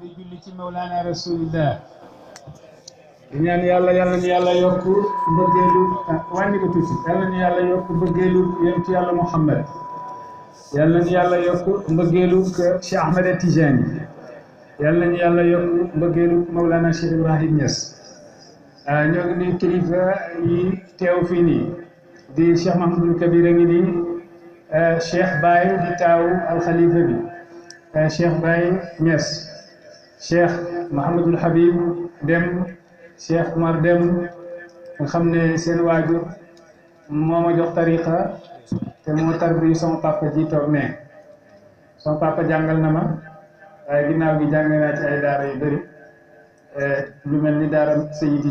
di julli ci mawlaana rasulillah di ñaan yàlla yàlla ñu yàlla yokk mbëggeelu wàññi ko tuuti yàlla ñu yàlla yokk mbëggeelu yonentu yàlla Muhammad yàlla ñu yàlla yokk mbëggeelu Cheikh Ahmed Tijani yàlla ñu yàlla yokk mbëggeelu mawlaana Ibrahim Niass ah, ñoo ngi yi teew di Cheikh Mahamadul Kabir a ngi nii ah, di taaw alxalifa bi ah, Cheikh Baye Niass cheikh Mouhamadul Habib dem cheikh Umar dem nga xam ne seen waajur moo ma jox tariqa te moo tarbiyu sama papa ji ne sama papa jàngal na ma waaye ginnaaw gi jàng naa ci ay daara yu bëri eh, lu mel ni daara Seydi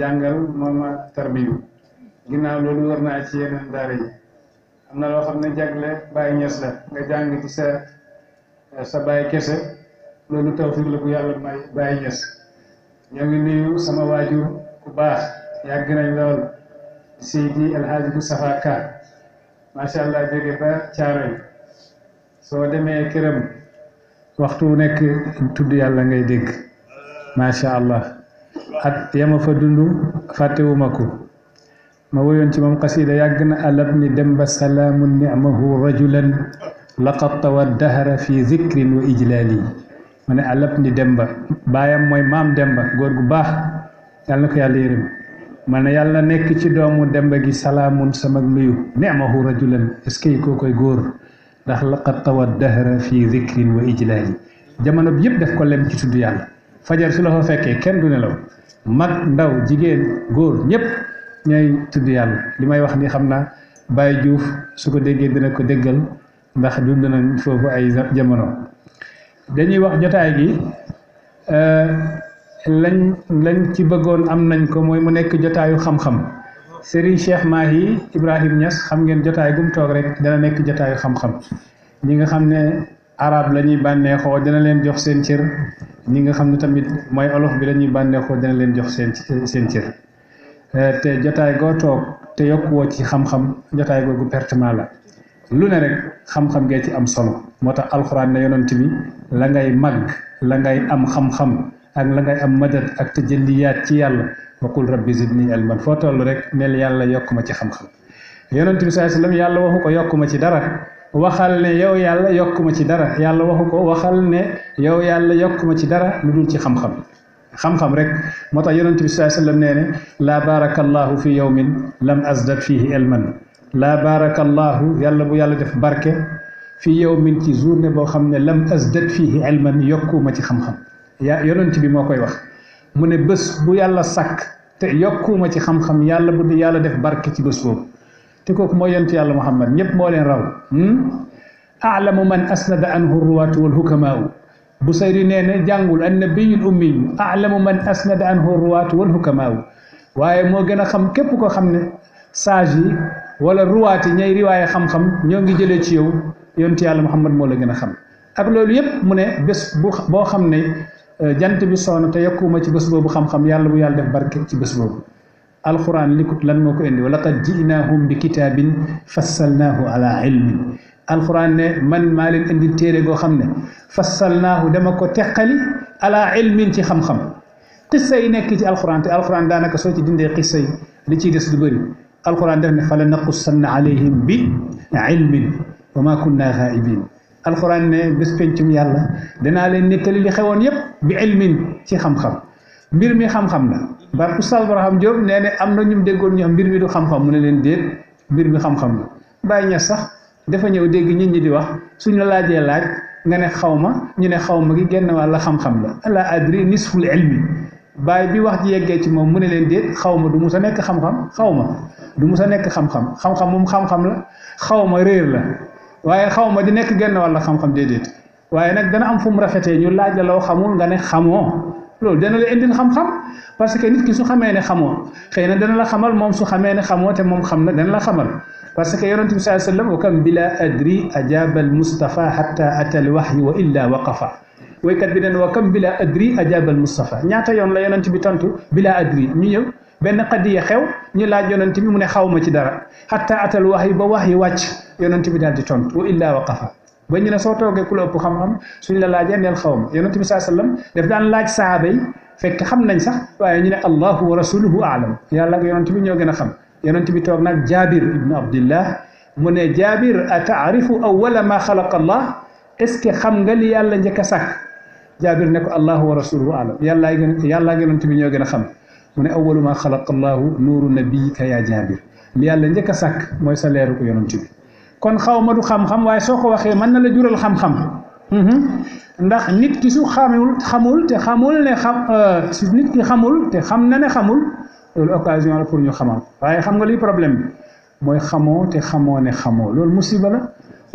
jàngal moo ma tarbiyu ginnaaw loolu wër naa ci yeneen daara yi am na loo xam ne jagle Baye Niass la nga jàng ci sa. Eh, sa baay kese loolu tawfiir yàlla may ñoo ngi nuyu sama waajur ku baax yàgg nañ lool Seydi El Hadj Moustapha Ka soo demee këram waxtu wu nekk tudd yàlla ngay dégg macha allah at yama fa dund fàttewuma ko ma woyoon ci moom xasida yàgg na alab ni dem ba salaamun rajulan laqad tawa dahra fi zikrin wa ijlaali mu ne alab ni demba baayam mooy maam demba góor gu baax yàlla na ko yàlla yërëm ma ne yàlla nekk ci doomu demba gi salaamun sama nuyu neemahu rajulan est-ce que koo koy góor ndax laqad tawa dahra fi zikrin wa ijlaali jamono bi yëpp def ko lem ci tudd yàlla fajar su la fa fekkee kenn du nelaw mag ndaw jigéen góor ñëpp ñooy tudd yàlla li may wax ni xam naa Baye juuf su ko déggee dina ko déggal ndax dund nañ foofu ay jamono dañuy wax jotaay gi euh, lañ lañ ci bëggoon am nañ ko mooy mu nekk jotaayu xam-xam Serigne Cheikh Mahi Ibrahim Niass xam ngeen jotaay gum toog rek dana nekk jotaayu xam-xam ñi nga xam ne arab la bànneexoo dana leen jox seen cër ñi nga xam ne tamit mooy olof bi la ñuy bànneexoo leen jox seen seen cër euh, te jotaay goo toog te yokkuwoo ci xam-xam jotaay googu pertement la lu ne rek xam-xam gee ci am solo moo tax alxuraan ne yonent bi la ngay mag la ngay am xam-xam ak la ngay am madad ak tajalliyaat ci yàlla waqul rabbi zidni ilman foo toll rek neel yàlla yokk ma ci xam-xam yonent bi saa yàlla waxu ko yokk ma ci dara waxal ne yow yàlla yokk ma ci dara yàlla waxu ko waxal ne yow yàlla yokk ma ci dara lu dul ci xam-xam xam-xam rek moo tax yonent bi saa sallam nee ne laa baarakallahu fi yawmin lam azdad fihi ilman laa baarakallaahu yàlla bu yàlla def barke fii yawmin ci journée boo xam ne lam asdad fihi ilman yokkuma ci xam-xam yaa yonent bi moo koy wax mu ne bés bu yàlla sàkk te yokkuma ci xam-xam yàlla bu di yàlla def barke ci bés boobu te kooku mooy yonent yàlla muhammad ñëpp moo leen raw aalamu hmm? man asnada anhu ruwaatu wal hukamaau Busayri nee na jàngul annabiyul ummiyu aalamu man asnada anhu ruwaatu wal hukamaau waaye moo gën a xam képp koo xam ne sage yi wala ruwaat yi ñay riwaaye xam-xam ñoo ngi jëlee ci yow yonent yàlla Muhammad moo la gën a xam ak loolu yëpp mu ne bés bu boo xam ne euh, jant bi soon te yokkuma ci bés boobu xam-xam yàlla bu yàlla def barke ci bés boobu alquran likut lan moo ko indi wa laqad ji'naahum bi kitaabin fassalnaahu ala ilmin alquran ne man maa leen indi téere goo xam ne fassalnaahu dama ko teqali ala ilmin ci xam-xam qissa yi nekk ci alquran te alquran daanaka soo ci dindee qissa yi li ciy des du bëri alquran def na fa la naqussanna alayhim bi ilmin wa ma kunna xaibin alquran ne bés pencum yàlla danaa leen nettali li xewoon yépp bi ilmin ci xam mbir mi xam-xam la barku Oustaz Barham Diop nee ne am na ñu déggoon ñu mbir mi du xam-xam mu ne leen déet mbir mi xam-xam la bàyyi sax dafa ñëw dégg ñi ñi di wax suñ la laajee laaj nga ne xaw ma ñu ne xaw ma gi genn wàlla xam-xam la ala adri nisful ilmi baay bi wax ji yeggee ci moom mu ne leen déet xaw ma du musa nekk xam-xam xaw ma du musa nekk xam-xam xam-xam moom xam-xam la xaw ma réer la waaye xaw ma di nekk genn walla xam-xam déedéet waaye nag dana am fu mu rafetee ñu laaj loo xamul nga ne xamoo loolu dana la xam-xam parce que su xamee ne xamoo xëy na dana la xamal moom su xamee ne xamoo te moom xam na dana la xamal parce que yonent bi sallallahu alayhi wa sallam wa kam bila adri ajaba al mustafa hatta ata al wa illa waqafa woykat bi den wa kam bila adri ajabal Moustapha ñaata yoon la yonent bi tontu bila adri ñu ñëw benn xew ñu laaj yonent bi mu ne xaw ma ci dara xatta atal wax yi ba wax yi wàcc yonent bi daal di tontu wa illaa waqafa ba ñu ne soo toogee ku la ëpp xam-xam suñ la laajee neel xaw ma yonent bi saa sallam daf daan laaj saaba yi xam nañ sax waaye ñu ne allahu wa rasuluhu aalam yàlla ak yonent bi ñoo gën a xam yonent bi toog nag jaabir ibnu abdillah mu ne jaabir a taarifu awala ma xalaqa allah est ce que xam nga li yàlla njëkk a sàkk jaabir ne ko allahu wa rasuluhu alam yàllaa gën yàllaa yonent bi ñoo gën a xam mu ne awwalu ma xalaqa allahu nuuru nabiyika yaa jaabir li yàlla njëkk a sàkk mooy sa leeru ko yonent bi kon xaw ma du xam-xam waaye soo ko waxee mën na la jural xam-xam mhm. ndax nit ki su xamul xamul te xamul ne xam su euh, xamul te xam na ne xamul loolu occasion la pour ñu xamam waaye xam nga liy problème bi mooy xamoo te xamoo ne xamoo loolu musiba la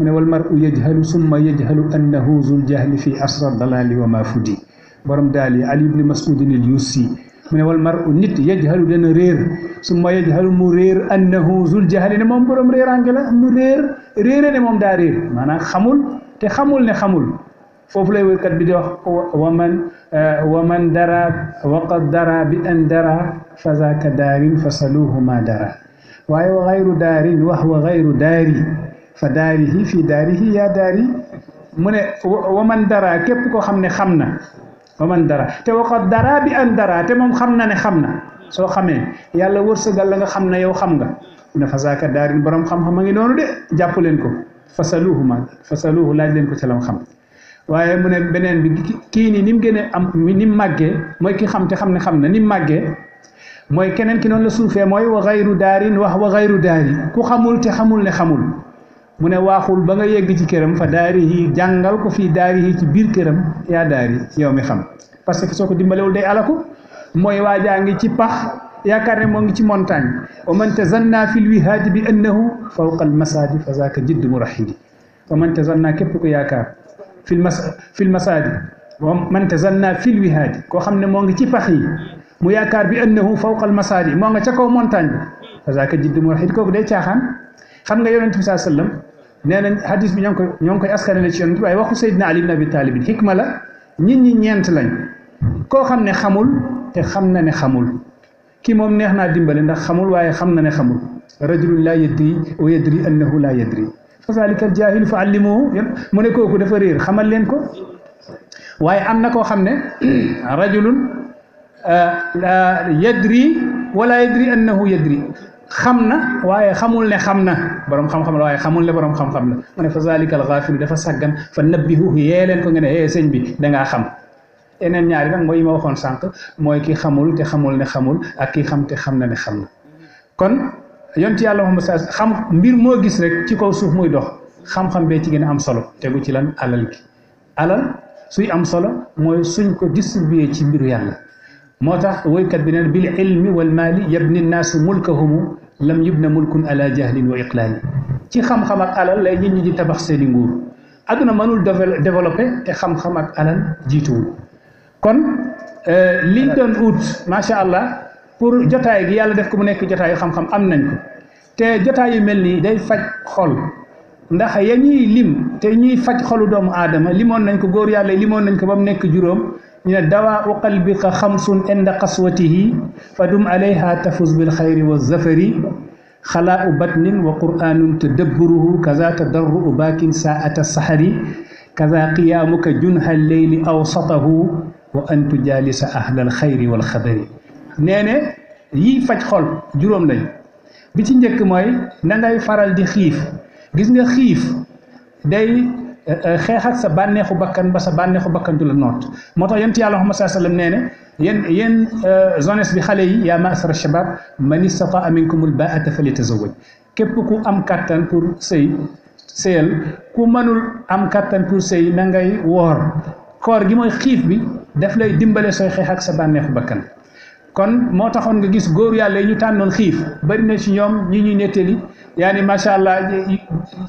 mu ne wal mar'u yajhalu summa yajhalu annahu zul jahli fi asra dalali wa ma fudi borom daal yi ali ibni masudin al yusi mu ne wal mar'u nit yajhalu dana réer summa yajhalu mu réer annahu zul jahli ne moom borom réerange la mu réer réere ne moom daa réer maanaam xamul te xamul ne xamul foofu lay wérkat bi di wax wa man wa man dara waqad dara bi an dara fa zaaka daarin fasaluhu ma dara waaye wa gayru daarin wax wa gayru daari fa daarihi fii daarihi yaa daari mu ne man dara képp koo xam ne xam na man dara te waxat dara bi am dara te moom xam na ne xam na soo xamee yàlla wërsëgal la nga xam ne yow xam nga ne fasaaka daarin borom xam-xam a ngi noonu jàpp leen ko fasaluuhu ma fasaluuhu laaj leen ko ci lam xam waaye mu ne beneen bi nii ni mu gënee am ni mu màggee mooy ki xam te xam ne xam na ni mu màggee mooy keneen ki noonu la suufee mooy wa xayru daarin wax wa xayru daari ku xamul te xamul ne xamul mu ne waaxul ba nga yegg ci këram fa daari jàngal ko fii daari yi ci biir këram yaa daari yow mi xam parce que soo ko dimbalewul day alaku mooy waajaa ngi ci pax yaakaar ne moo ngi ci montagne wa man tazanna fil wihaadi bi annahu fawqa al masaadi fa zaaka jidd mu raxidi wa man képp ko yaakaar fil mas fil masaadi wa man tazanna fil wihaadi koo xam ne moo ngi ci pax yi mu yaakaar bi annahu fawqa al masaadi moo nga ca kaw montagne bi fa zaaka jidd mu raxidi kooku day caaxaan xam nga yonent bi saa sallam nee nañ hadis bi ñoo ngi koy ñoo ngi koy askanale ci yonent bi waaye waxu Seydina Ali ibn Abi Talib xikma la nit ñi ñeent lañ koo xam ne xamul te xam na ne xamul kii moom neex naa dimbale ndax xamul waaye xam na ne xamul rajulun laa yadri wa yadri annahu laa yadri fa zalika al jaahilu fa allimuhu mu ne kooku dafa réer xamal leen ko waaye am na koo xam ne rajulun euh, yadri wala yadri annahu yadri xam na waaye xamul ne xam na borom xam-xam la waaye xamul ne borom xam-xam la mu ne fa zalikal gaafilu dafa sàggan fa nabbihu yee leen ko ngeen ne eh sëñ bi da ngaa xam. yeneen ñaari nag mooy yi ma waxoon sànq mooy ki xamul te xamul ne xamul ak ki xam te xam na ne xam na kon yont yàlla moom xam mbir moo gis rek ci kaw suuf muy dox xam-xam bee ci gën am solo tegu ci lan alal gi alal suy am solo mooy suñ ko distribuer ci mbiru yàlla. moo tax woykat bi neen bil ilmi wal maali yabni naasu mulkahumu lam yubna mulkun ala jahlin wa iqlaani ci xam-xam ak alal lay nit ñi di tabax seeni nguur adduna mënul développé te xam-xam ak alal jiituwul kon euh, liñ doon ut macha allah pour jotaay gi yàlla def ko mu nekk jotaayu xam-xam am nañ ko te jotaay yu mel nii day faj xol ndax ya ñuy lim te ñuy faj xolu doomu aadama limoon nañ ko góor yàlla limoon nañ ko ba mu nekk juróom ñu ne dawaa u qalbika xamsun inda qaswatihi fa dum alayha tafuz bil xayri wa zafari xalaa u batnin wa qur'aanun tadabburuhu kaza tadarru baakin saa'ata saxari kaza qiyaamuka junha leyli awsatahu wa an tujaalisa ahlal xayri wal xadari nee ne yii faj xol juróom lañ bi ci njëkk mooy na faral di xiif gis nga xiif day Euh, euh, xeex ak sa bànneexu bakkan ba sa bànneexu bakkan du la noot moo tax yonent yàlla Muhammad sallallahu alayhi wasallam nee ne yéen yéen euh, bi xale yi ma yaa ma'shara shabab man istataa minkumul baa'ata falyatazawwaj képp ku am kattan pour sëy sëyal ku mënul am kattan pour sëy na ngay woor koor gi mooy xiif bi daf lay dimbale sooy xeex ak sa bànneexu bakkan kon moo taxoon nga gis góor yàlla yi ñu tànnoon xiif bari na ci ñoom ñi ñu nettali yaa ni macha allah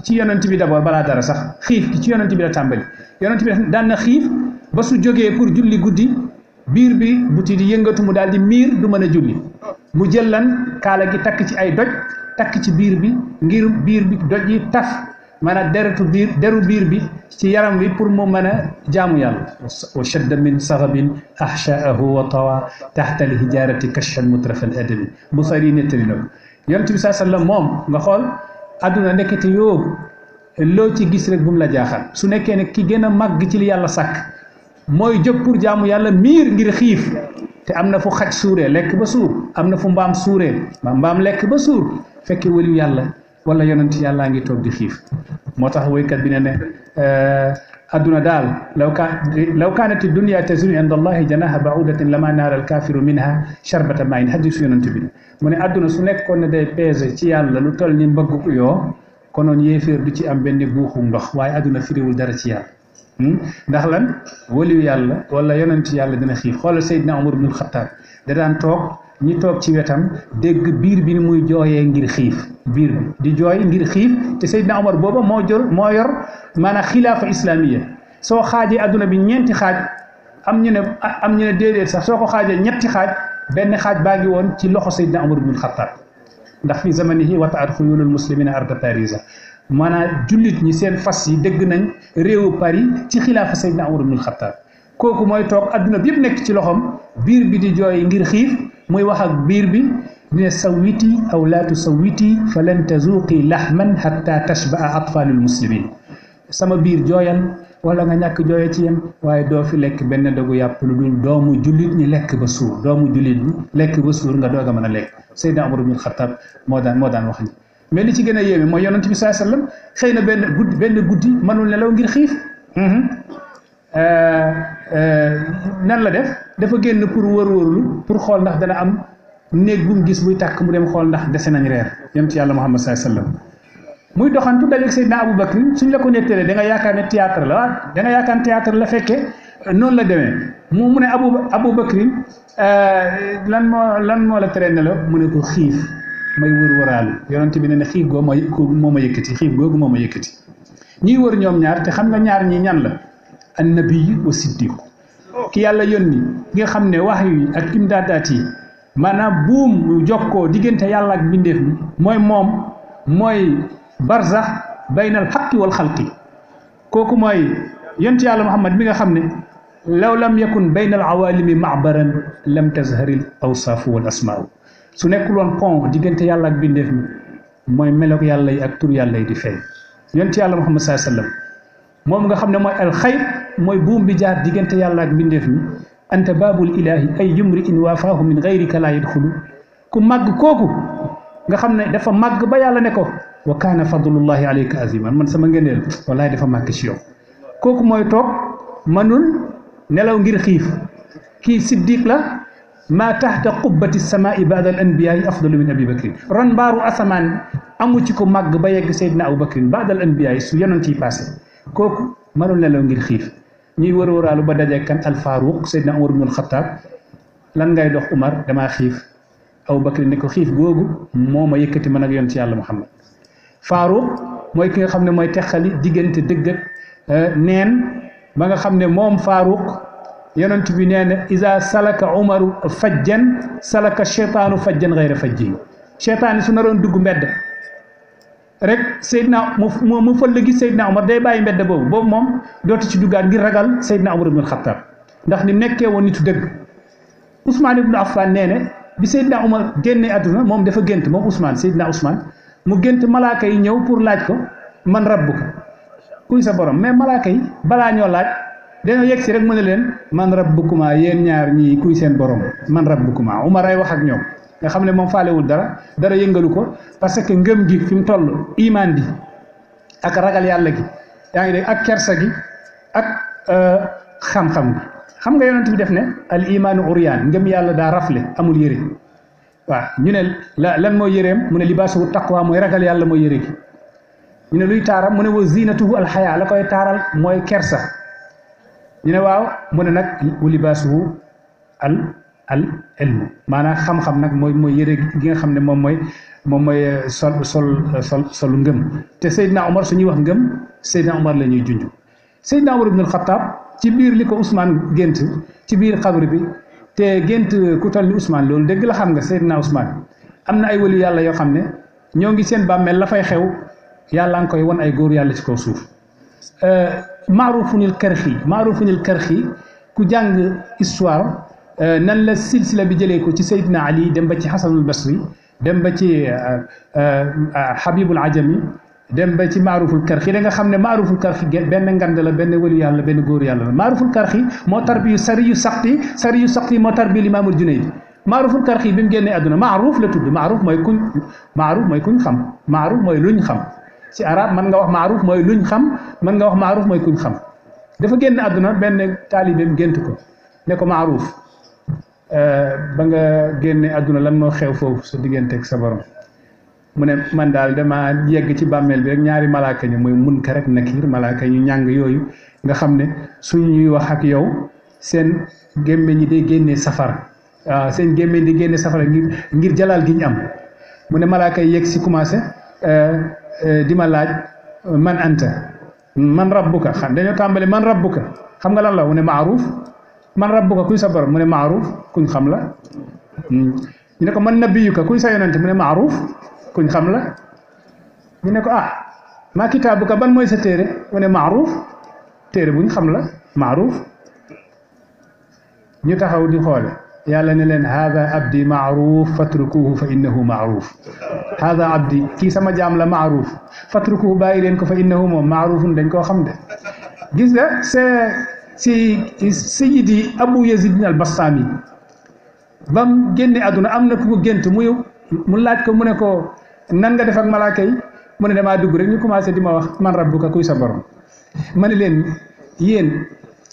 ci yonent bi d'abord balaa dara sax xiif gi ci yonent bi la tàmbali yonent bi daan na xiif ba su jógee pour julli guddi biir bi buti di yëngatumu mu daal di miir du mën a julli mu jël lan kaala gi takk ci ay doj takk ci biir bi ngir biir bi doj yi taf mana deretu biir deru biir bi ci yaram wi pour mu mën a jaamu yàlla wa shadda min saxabin ahshaahu wa tawa taxta alhijarati kashfan mutrafal adami Buxaari nettali na ko yonent bi saa moom nga xool adduna nekkati yoo loo ci gis rek bu mu la jaaxal su nekkee ne ki gën a màgg ci li yàlla sàkk mooy jóg pour jaamu yàlla miir ngir xiif te am na fu xaj suure lekk ba suur am na fu mbaam suure suuree mbaam lekk ba suur fekk waliyu yàlla wala yonent yàllaa ngi toog di xiif moo tax woykat bi ne ne eh, adduna daal law ka law kaanati dunia tazunu inda allahi janaha baudatin lama naara alkaafiru minha charbata mayin hadisu yonent bi mu ne adduna su nekkoon ne day peese ci yàlla lu toll ni mbëggu yoo konoon yéeféer du ci am benn guuxu ndox waaye adduna firiwul dara ci yàlla hmm? ndax lan waliyu yàlla wala yonent yàlla dina xiif xoolal Seydina Umar ibnul Xattaab da toog ñi toog ci wetam dégg biir bi ni muy jooye ngir xiif biir bi di jooy ngir xiif te Seydina Omar booba moo jor moo yor maanaam xilaafa islamiya soo xaajee adduna bi ñeenti xaaj am ñu ne am ñu ne déedéet sax soo ko xaajee ñetti xaaj benn xaaj baa ngi woon ci loxo Seydina Omar ibnul Xattaab ndax fi a wataat xuyulul muslimina arda parisa maanaam jullit ñi seen fas yi dëgg nañ réewu Paris ci xilaafa Seydina Omar ibnul Xattaab kooku mooy toog adduna bi yëpp nekk ci loxoom biir bi mooy wax ak biir bi ne sawiti aw la tusawiti falan tazuqi laxman xatta tashbaa atfaalul muslimin sama biir jooyan wala nga ñàkk jooya ci yem waaye doo fi lekk benn dogu yàpp lu dul doomu jullit ñi lekk ba suur doomu jullit ñi lekk ba suur nga doog a mën a lekk Seydina Umar ibnul Xattaab moo daan moo daan wax ni mais li ci gën a yéeme mooy yonent bi saa sallam xëy na benn guddi benn guddi mënul nelaw ngir xiif mhm. euh, euh, nan la def dafa génn pour wër-wërlu pour xool ndax dana am néeg bu mu gis buy tàkk mu dem xool ndax dese nañ reer yem ci yàlla Muhammad sallallahu alayhi wasallam muy doxantu dajeeg Seydina Aboubacar suñ la ko nettalee da nga yaakaar ne théâtre la waaw da nga yaakaar ne la fekkee noonu la demee mu mu ne Abu Aboubacar euh, lan moo lan moo la tere ne la mu ne ko xiif may wër wëraalu yonent bi ne ne xiif googu mooy moo ma yëkkati xiif googu moo ma yëkkati ñiy wër ñoom ñaar te xam nga ñaar ñi ñan la annabi wa siddiqu ki yàlla yónni nga xam ne wax yi ak imdaadaat yi maanaam buum jokkoo diggante yàlla ak mbindeef mi mooy moom mooy barzax baynal xaqi wal xalqi kooku mooy yonent yàlla muhammad mi nga xam ne law lam yakun bayna al awalimi maabaran lam tazharil awsaafu wal asmaau su nekkul woon pont diggante yàlla ak bindeef mi mooy meloog yàlla yi ak tur yàlla yi di feeñ yonent yàlla muhammad saa sallam moom nga xam ne mooy alxayr mooy buum bi jaar diggante yàllaak ak mbindeef mi anta baabul ilaahi ay yumri in waafaahu min gayrika laa yadxulu ku màgg kooku nga xam ne dafa màgg ba yàlla ne ko wa kaana fadlullahi alayka aziman man sama ngeneel wallaay dafa màgg ci yow kooku mooy toog manul nelaw ngir xiif kii siddiq la maa taxta qubbati samaai baada al anbiyaai afdalu min abi bakrin ron asamaan amu ci ko màgg ba yegg seydina abou bakrin baada al su yonent ci passé kooku mënul nelaw ngir xiif ñuy wër wëraalu ba dajee kan al Faaruq Seydina Umar ibnul Xattaab lan ngay dox Umar damaa xiif aw Bakri ni ko xiif googu moom ma yëkkati man ak yoon ci yàlla Muhammad Faaruq mooy ki nga xam ne mooy texali diggante dëgg euh, neen ba nga xam ne moom Faaruq yonent bi neen na isa salaka umaru fajjan salaka cheytaanu fajjan xayra fajji cheytaan yi su naroon dugg mbedd rek Seydina mu mu la gis gi naa Omar day bàyyi mbedd boobu boobu moom dootu ci duggaat ngir ragal Seydina Omar ibnul Xattaab ndax ni nekkee woon nitu dëgg Ousmane ibnu Affan nee ne bi Seydina Omar génnee àdduna moom dafa gént moom Ousmane Seydina Ousmane mu gént malaaka yi ñëw pour laaj ko man rabbu ko kuy sa borom mais malaaka yi balaa ñoo laaj dañoo yegg si rek mu ne leen man rabbukuma yéen ñaar ñii kuy seen borom man rabbukuma Omar ay wax ak ñoom. nga xam ne moom faalewul dara dara yëngalu ko parce que ngëm gi fi mu toll imaan bi ak ragal yàlla gi yaa ngi dégg ak kersa gi ak euh, xam-xam gi xam nga yonent bi def ne al imaanu uriyaan ngëm yàlla daa rafle amul yére waaw ñu ne la lan mooy yéreem mu ne libaasu taqwa mooy ragal yàlla mooy yére gi ñu ne luy taaram mu ne wa zinatuhu alxayaa la koy taaral mooy kersa ñu ne waaw mu ne nag libaasu al al ilmu maanaam xam-xam nag mooy mooy yëre gi nga xam ne moom mooy moom mooy euh, sol sol euh, sol solu ngëm te Seydina Omar suñuy wax ngëm Seydina Omar la ñuy junj Seydina Omar ibnul Xattaab ci biir li ko Ousmane gént ci biir xabri bi te gént ku tal ni Ousmane loolu dëgg la xam nga Seydina Ousmane am na ay wëlu yàlla yoo xam ne ñoo ngi seen bàmmeel la fay xew yàlla nga koy won ay góor yàlla ci kaw suuf euh, maarufunil karxi maarufunil karxi ku jàng histoire Euh, nan la silsila bi jëlee ko ci Seydina Ali dem ba ci Xasanul Basri dem ba ci euh, euh, Habibul Ajami dem ba ci maaruful karxi da nga xam ne maaruful karxi benn ngand la benn wëlu yàlla benn góoru yàlla la maaruful karxi moo tarbiyu sari yu saxti sari yu saxti moo tarbiyu limaamul junaydi maaruful karxi bi mu génnee àdduna maaruf la tudd maaruf mooy kuñ maaruf mooy kuñ xam maaruf mooy luñ xam si arab mën nga wax maaruf mooy luñ xam mën nga wax maaruf mooy kuñ xam dafa génn àdduna benn taalibeem gént ko ne ko maaruf Eh, ba nga génne àdduna lan moo xew foofu sa diggante ak sa borom mu ne man daal dama yegg ci bàmmeel bi rek ñaari malaaka ñu mooy mun ka rek nakiir malaaka ñu ñàng yooyu nga xam ne suñuy wax ak yow seen gémmeñ ñi day génnee safara waaw ah, seen gémmeñ di génne safara ngir ngir jalaal gi am mu ne malaaka yi yegg si commencé eh, eh, di ma laaj man anta man rabbuka xam dañoo tàmbali man rabbuka xam nga lan la mu ne maaruf man rabbuka kuy sa borom mu ne maaruf kuñ xam la hmm. ñu man nabiyuka kuy sa yonente mu ne xam la ñu ne ko ah maa kitaabuka ban mooy sa téere mu ne maaruf téere buñ xam la maaruf ñu taxaw di xoole yàlla ne leen hada abdi maaruf fatrukuhu fa innahu maaruf hada abdi kii sama jaam la maaruf fatrukuhu bàyyi leen ko fa innahu moom maarufun dañ koo si sayidi abu yazid bin al bastaami ba mu génne àdduna am na ku ko gént muy mu laaj ko mu ne ko nan nga def ak malaaka yi mu ne dugg rek ñu commencé di ma wax man rabbuka kuy sa borom ma ne leen yéen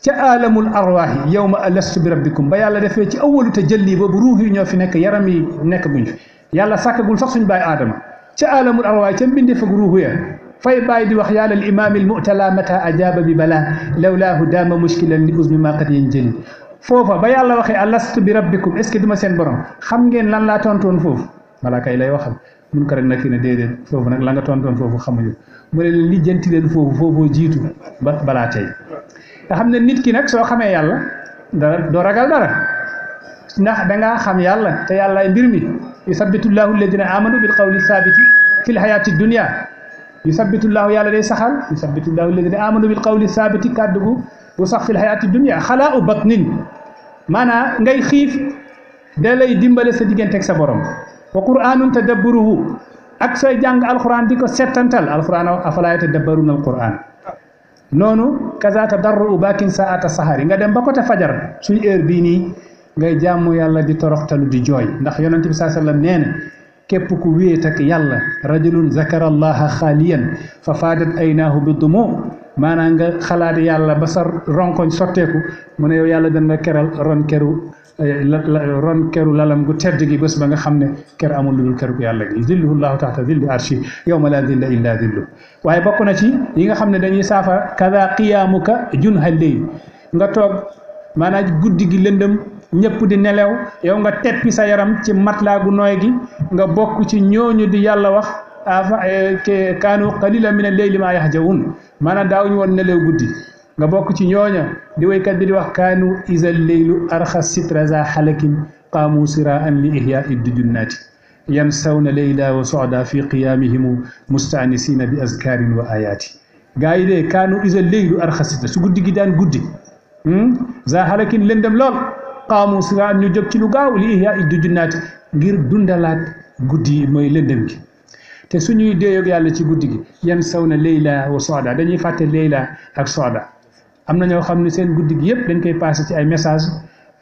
ca alamul arwaahi yow ma alastu bi rabbikum ba yàlla defee ci awalu te jëlli boobu ruux yi ñoo fi nekk yaram yi nekk buñ fi yàlla sàkkagul sax suñ baay aadama ca alamul arwaahi ca mbindee fag ruux ya fay bàyyi di wax yàlla imaam il mutala mata ajaaba bi balaa lawlaahu daama mushkilan li usmi ma qad yin jëli foofa ba yàlla waxee alastu bi rabbikum est ce que duma seen borom xam ngeen lan laa tontoon foofu malaaka yi lay waxal mun ko rek nag fi ne foofu nag la nga tontoon foofu xamuñu mu ne leen lijjanti leen foofu foofoo jiitu ba balaa tey nga xam ne nit ki nag soo xamee yàlla dara doo ragal dara ndax da ngaa xam yàlla te yàllaay mbir mi yusabbitu llahu alladina amanu bil qawli sabiti fi l hayati dunia yu sabbitullaahu yàlla day saxal yu sabbitullaahu alladina amanu bil qawli saabiti kàddu gu bu sax fil hayaati dunia xalaa u batnin maanaam ngay xiif da lay dimbale sa diggante sa borom ta quraanun tadabburuhu ak sooy jàng alquran di ko settantal alquran afalaa yatadabbaruna alquran noonu kaza tadarru bakin saata sahari nga dem ba côté fajar suñ heure bii nii ngay jàmm yàlla di toroxtalu di jooy ndax yonent bi saa sallam nee na képp ku wéet ak yàlla rajulun zakara allaha xaaliyan fa faadat aynaahu bi dumu maanaam nga xalaat yàlla ba sa ronkoñ sotteeku mu ne yow yàlla dana keral ron keru ron keru lalam gu tedd gi bés ba nga xam ne ker amul lu dul keru yàlla gi zilluhu llahu taxta zilli arshi yawma la zilla illa zillu waaye bokk na ci yi nga xam ne dañuy saafara kada qiyaamuka junha leyl nga toog maanaam guddi gi lëndëm ñëpp di nelew yow nga teppi sa yaram ci matelas gu nooy gi nga bokk ci ñooñu di yàlla wax afa eh, kaanu qalilan mina layli maa yahjaun maanaam daawuñu woon nelew guddi nga bokk ci ñooña di waykat bi di wax kaanu isa leylu arxa sitra za xalakin qaamu siraan li ihyaa iddujunnati yansawna leyla wa soda fi qiyaamihimu mustaanisina bi azkarin wa ayaati gaa yi de kaanu isa leylu arxa su guddi gi daan guddi hmm? za xalakin lëndëm lool qaamu siraan ñu jóg ci lu gaaw li ihya iddu junnaati ngir dundalaat guddi yi mooy lëndëm gi te suñuy déeyoog yàlla ci guddi gi yan saw na Leyla wa Soda dañuy fàtte Leyla ak Soda am na ñoo xam ne seen guddi gi yëpp dañ koy passé ci ay message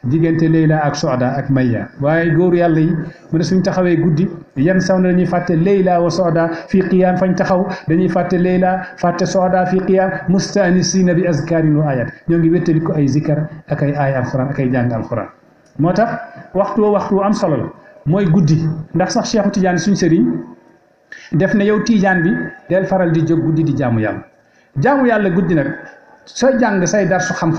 diggante Leyla ak Soda ak Maya waaye góor yàlla yi mu ne suñ taxawee guddi yan saw na dañuy fàtte Leyla wa Soda fi qiyaam fañ taxaw dañuy fàtte Leyla fàtte Soda fii qiyaam mustaanisiina bi azkaarin wa ayat ñoo ngi wéttali ko ay zikar ak ay aaya alxuraan ak ay jàng alxuraan moo tax waxtu waxtu am solo mooy guddi ndax sax Cheikhu Tidiane suñ sëriñ def na yow Tidiane bi del faral di jóg guddi di jaamu yàlla jaamu yàlla guddi nag sooy jàng say darsu xam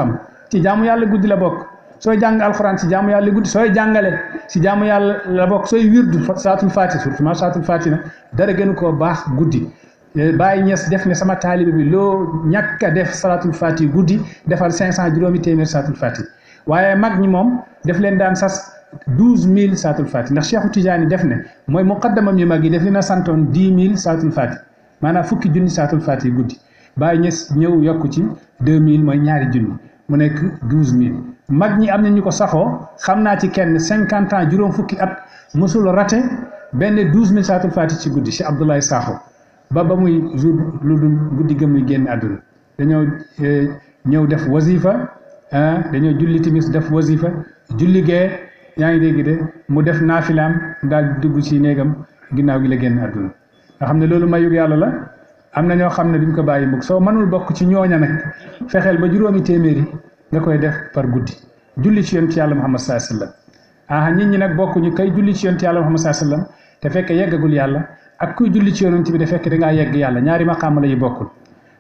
ci jaamu yàlla guddi la bokk. sooy jàng alxuraan si jaamu yàlla guddi sooy jàngale si jaamu yàlla bokk sooy wirdu saatul faati surtout ma saatul faati na dara gënu koo baax guddi eh, bàyyi ñes def ne sama taalibe bi loo ñàkk a def salaatul faati guddi defal cinq cent juróomi téeméer salaatul faati waaye mag ñi moom def leen daan sas douze mille salaatul faati ndax Cheikhu Tijaani def ne mooy muqaddamam yu mag yi def leen a santoon dix mille salaatul faati maanaam fukki junni salaatul faati guddi bàyyi ñes ñëw yokk ci deux mille mooy ñaari junni mu nekk douze mille mag ñi am na ñu ko saxoo xam naa ci kenn cinquante ans juróom fukki at mosul raté benn douze mille saatul faati ci guddi si Abdoulaye Sakho ba ba muy jour lu dul guddi gëm muy génn àdduna dañoo eh, ñëw def wasifa ah, dañoo julli timis def wasifa julli gee yaa ngi dégg de mu def naafilaam daal dugg ci néegam ginnaaw gi la génn àdduna nga ne loolu mayug yàlla la am na ñoo xam ne duñ ko bàyyi mukk soo mënul bokk ci ñooña nag fexeel ba juróomi téeméeri nga koy def par guddi julli ci yonent yàlla Muhammad saa sallam ah nit ñi nag bokkuñu kay julli ci yonent yàlla Muhammad saa sallam te fekk yeggagul yàlla ak kuy julli ci yonent bi te fekk dangaa yegg yàlla ñaari maqaama la yi bokkul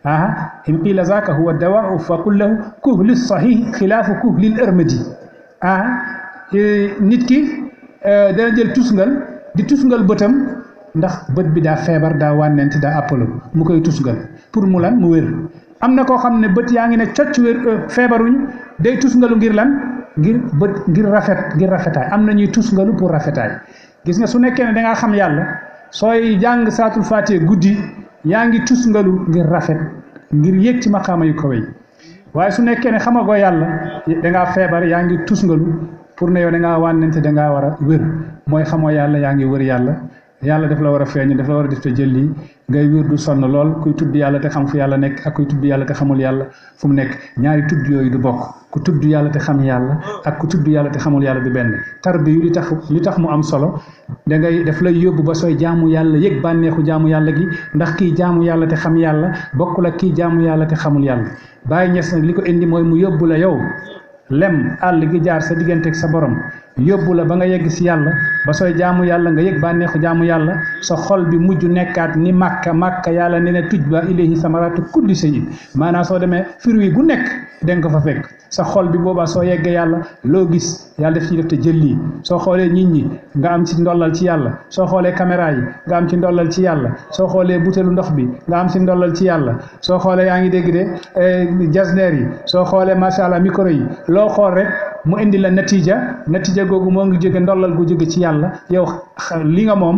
ah in qiila zaaka huwa dawau fa qul lahu kuhli sahih xilaafu kuhlil armadi ah eh, nit ki eh, dana jël tusngal di tusngal bëtam ndax bët bi daa feebar daa wànnent daa appalo mu koy tusngal pour mu lan mu wér am na koo xam ne bët yaa ngi ne cocc wér euh, feebaruñ day tusngalu ngir lan ngir bët ngir rafet ngir rafetaay am na ñuy tusngalu pour rafetaay gis nga su nekkee ne da xam yàlla sooy jàng saatul faatee guddi yaa ngi tusngalu ngir rafet ngir yéeg ci maqaama yu ko yi waaye su nekkee ne xamagoo yàlla da ngaa feebar yaa ngi tusngalu pour ne yow da ngaa wànnente da ngaa war a wér mooy xamoo yàlla yaa ngi wër yàlla yàlla daf la war a feeñ daf la war a def te jël lii ngay wér du sonn lool kuy tudd yàlla te xam fu yàlla nekk ak kuy tudd yàlla te xamul yàlla fu mu nekk ñaari tudd yooyu du bokk ku tudd yàlla te xam yàlla ak ku tudd yàlla te xamul yàlla bu benn tar tarbiyu li tax li tax mu am solo da ngay daf lay yóbbu ba sooy jaamu yàlla yëg bànneexu jaamu yàlla gi ndax kii jaamu yàlla te xam yàlla bokkul ak kii jaamu yàlla te xamul yàlla Baay Ñas li ko indi mooy mu yóbbu la yow lem àll gi jaar sa digganteeg sa borom yóbbu la ba nga yegg si yàlla ba sooy jaamu yàlla nga yëg bànneexu jaamu yàlla sa xol bi mujj nekkaat ni màkka màkka yàlla ne ne tuj ba ilayhi samaratu kulli shay'in maanaam soo demee fruit bu nekk danga ko fa fekk sa xol bi boobaa soo yeggee yàlla loo gis yàlla def ci def te jëlli soo xoolee nit ñi nga am ci ndollal ci yàlla soo xoolee caméra yi nga am ci ndollal ci yàlla soo xoolee butéelu ndox bi nga am ci ndollal ci yàlla soo xoolee yaa ngi eh, yi mu indi la natija natija googu moo ngi jóge ndollal gu jóge ci yàlla yow li nga moom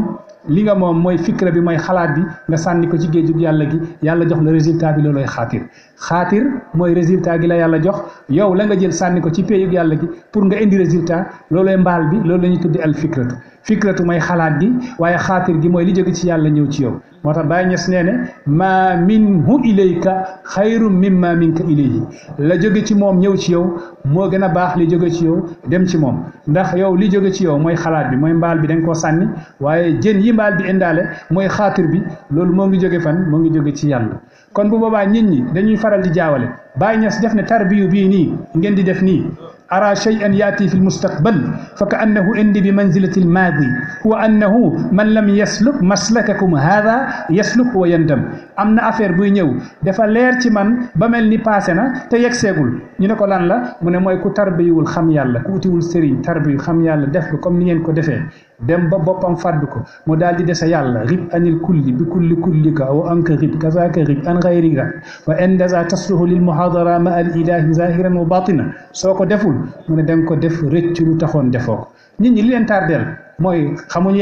li nga moom mooy fikra bi mooy xalaat bi nga sànni ko ci géejug yàlla gi yàlla jox la résultat bi loolooy xaatir xaatir mooy résultat gi la yàlla jox yow la nga jël sànni ko ci péeyug yàlla gi pour nga indi résultat loolooy mbaal bi loolu la ñuy tuddi al fikratu fikratu mooy xalaat gi waaye xaatir gi mooy li jóge ci yàlla ñëw ci yow moo tax Baay Ñas nee ne maa minhu ilayka xayru mimma minka ilayhi la jóge ci moom ñëw ci yow moo gën a baax li jóge ci yow dem ci moom ndax yow li jóge ci yow mooy xalaat bi mooy mbaal bi danga nga koo sànni waaye jën yi mbaal bi indaale mooy xaatir bi loolu moo ngi jóge fan moo ngi jóge ci yàlla kon bu boobaa nit ñi dañuy faral di jaawale Baay Ñas def ne tarbiyu bii nii ngeen di def nii أرى شيئا يأتي في المستقبل فكأنه عندي بمنزلة الماضي هو أنه من لم يسلك مسلككم هذا يسلك ويندم am na affaire buy ñëw dafa leer ci man ba mel ni passé na te yegg seegul ñu ne ko lan la mu ne mooy ku tarbiyiwul xam yàlla ku utiwul sëriñ tarbiyu xam yàlla def ko comme ni ngeen ko defee dem ba boppam fàdd ko mu daal di dese yàlla rib anil kulli bi kulli kullika wa anka rib kazaka rib an gayrika wa indaza tasluhu lil muhadara ma al ilahi zahiran wa batina soo ko deful mu ne da ko def rëcc lu taxoon defoo ko nit ñi li leen tardeel mooy xamuñu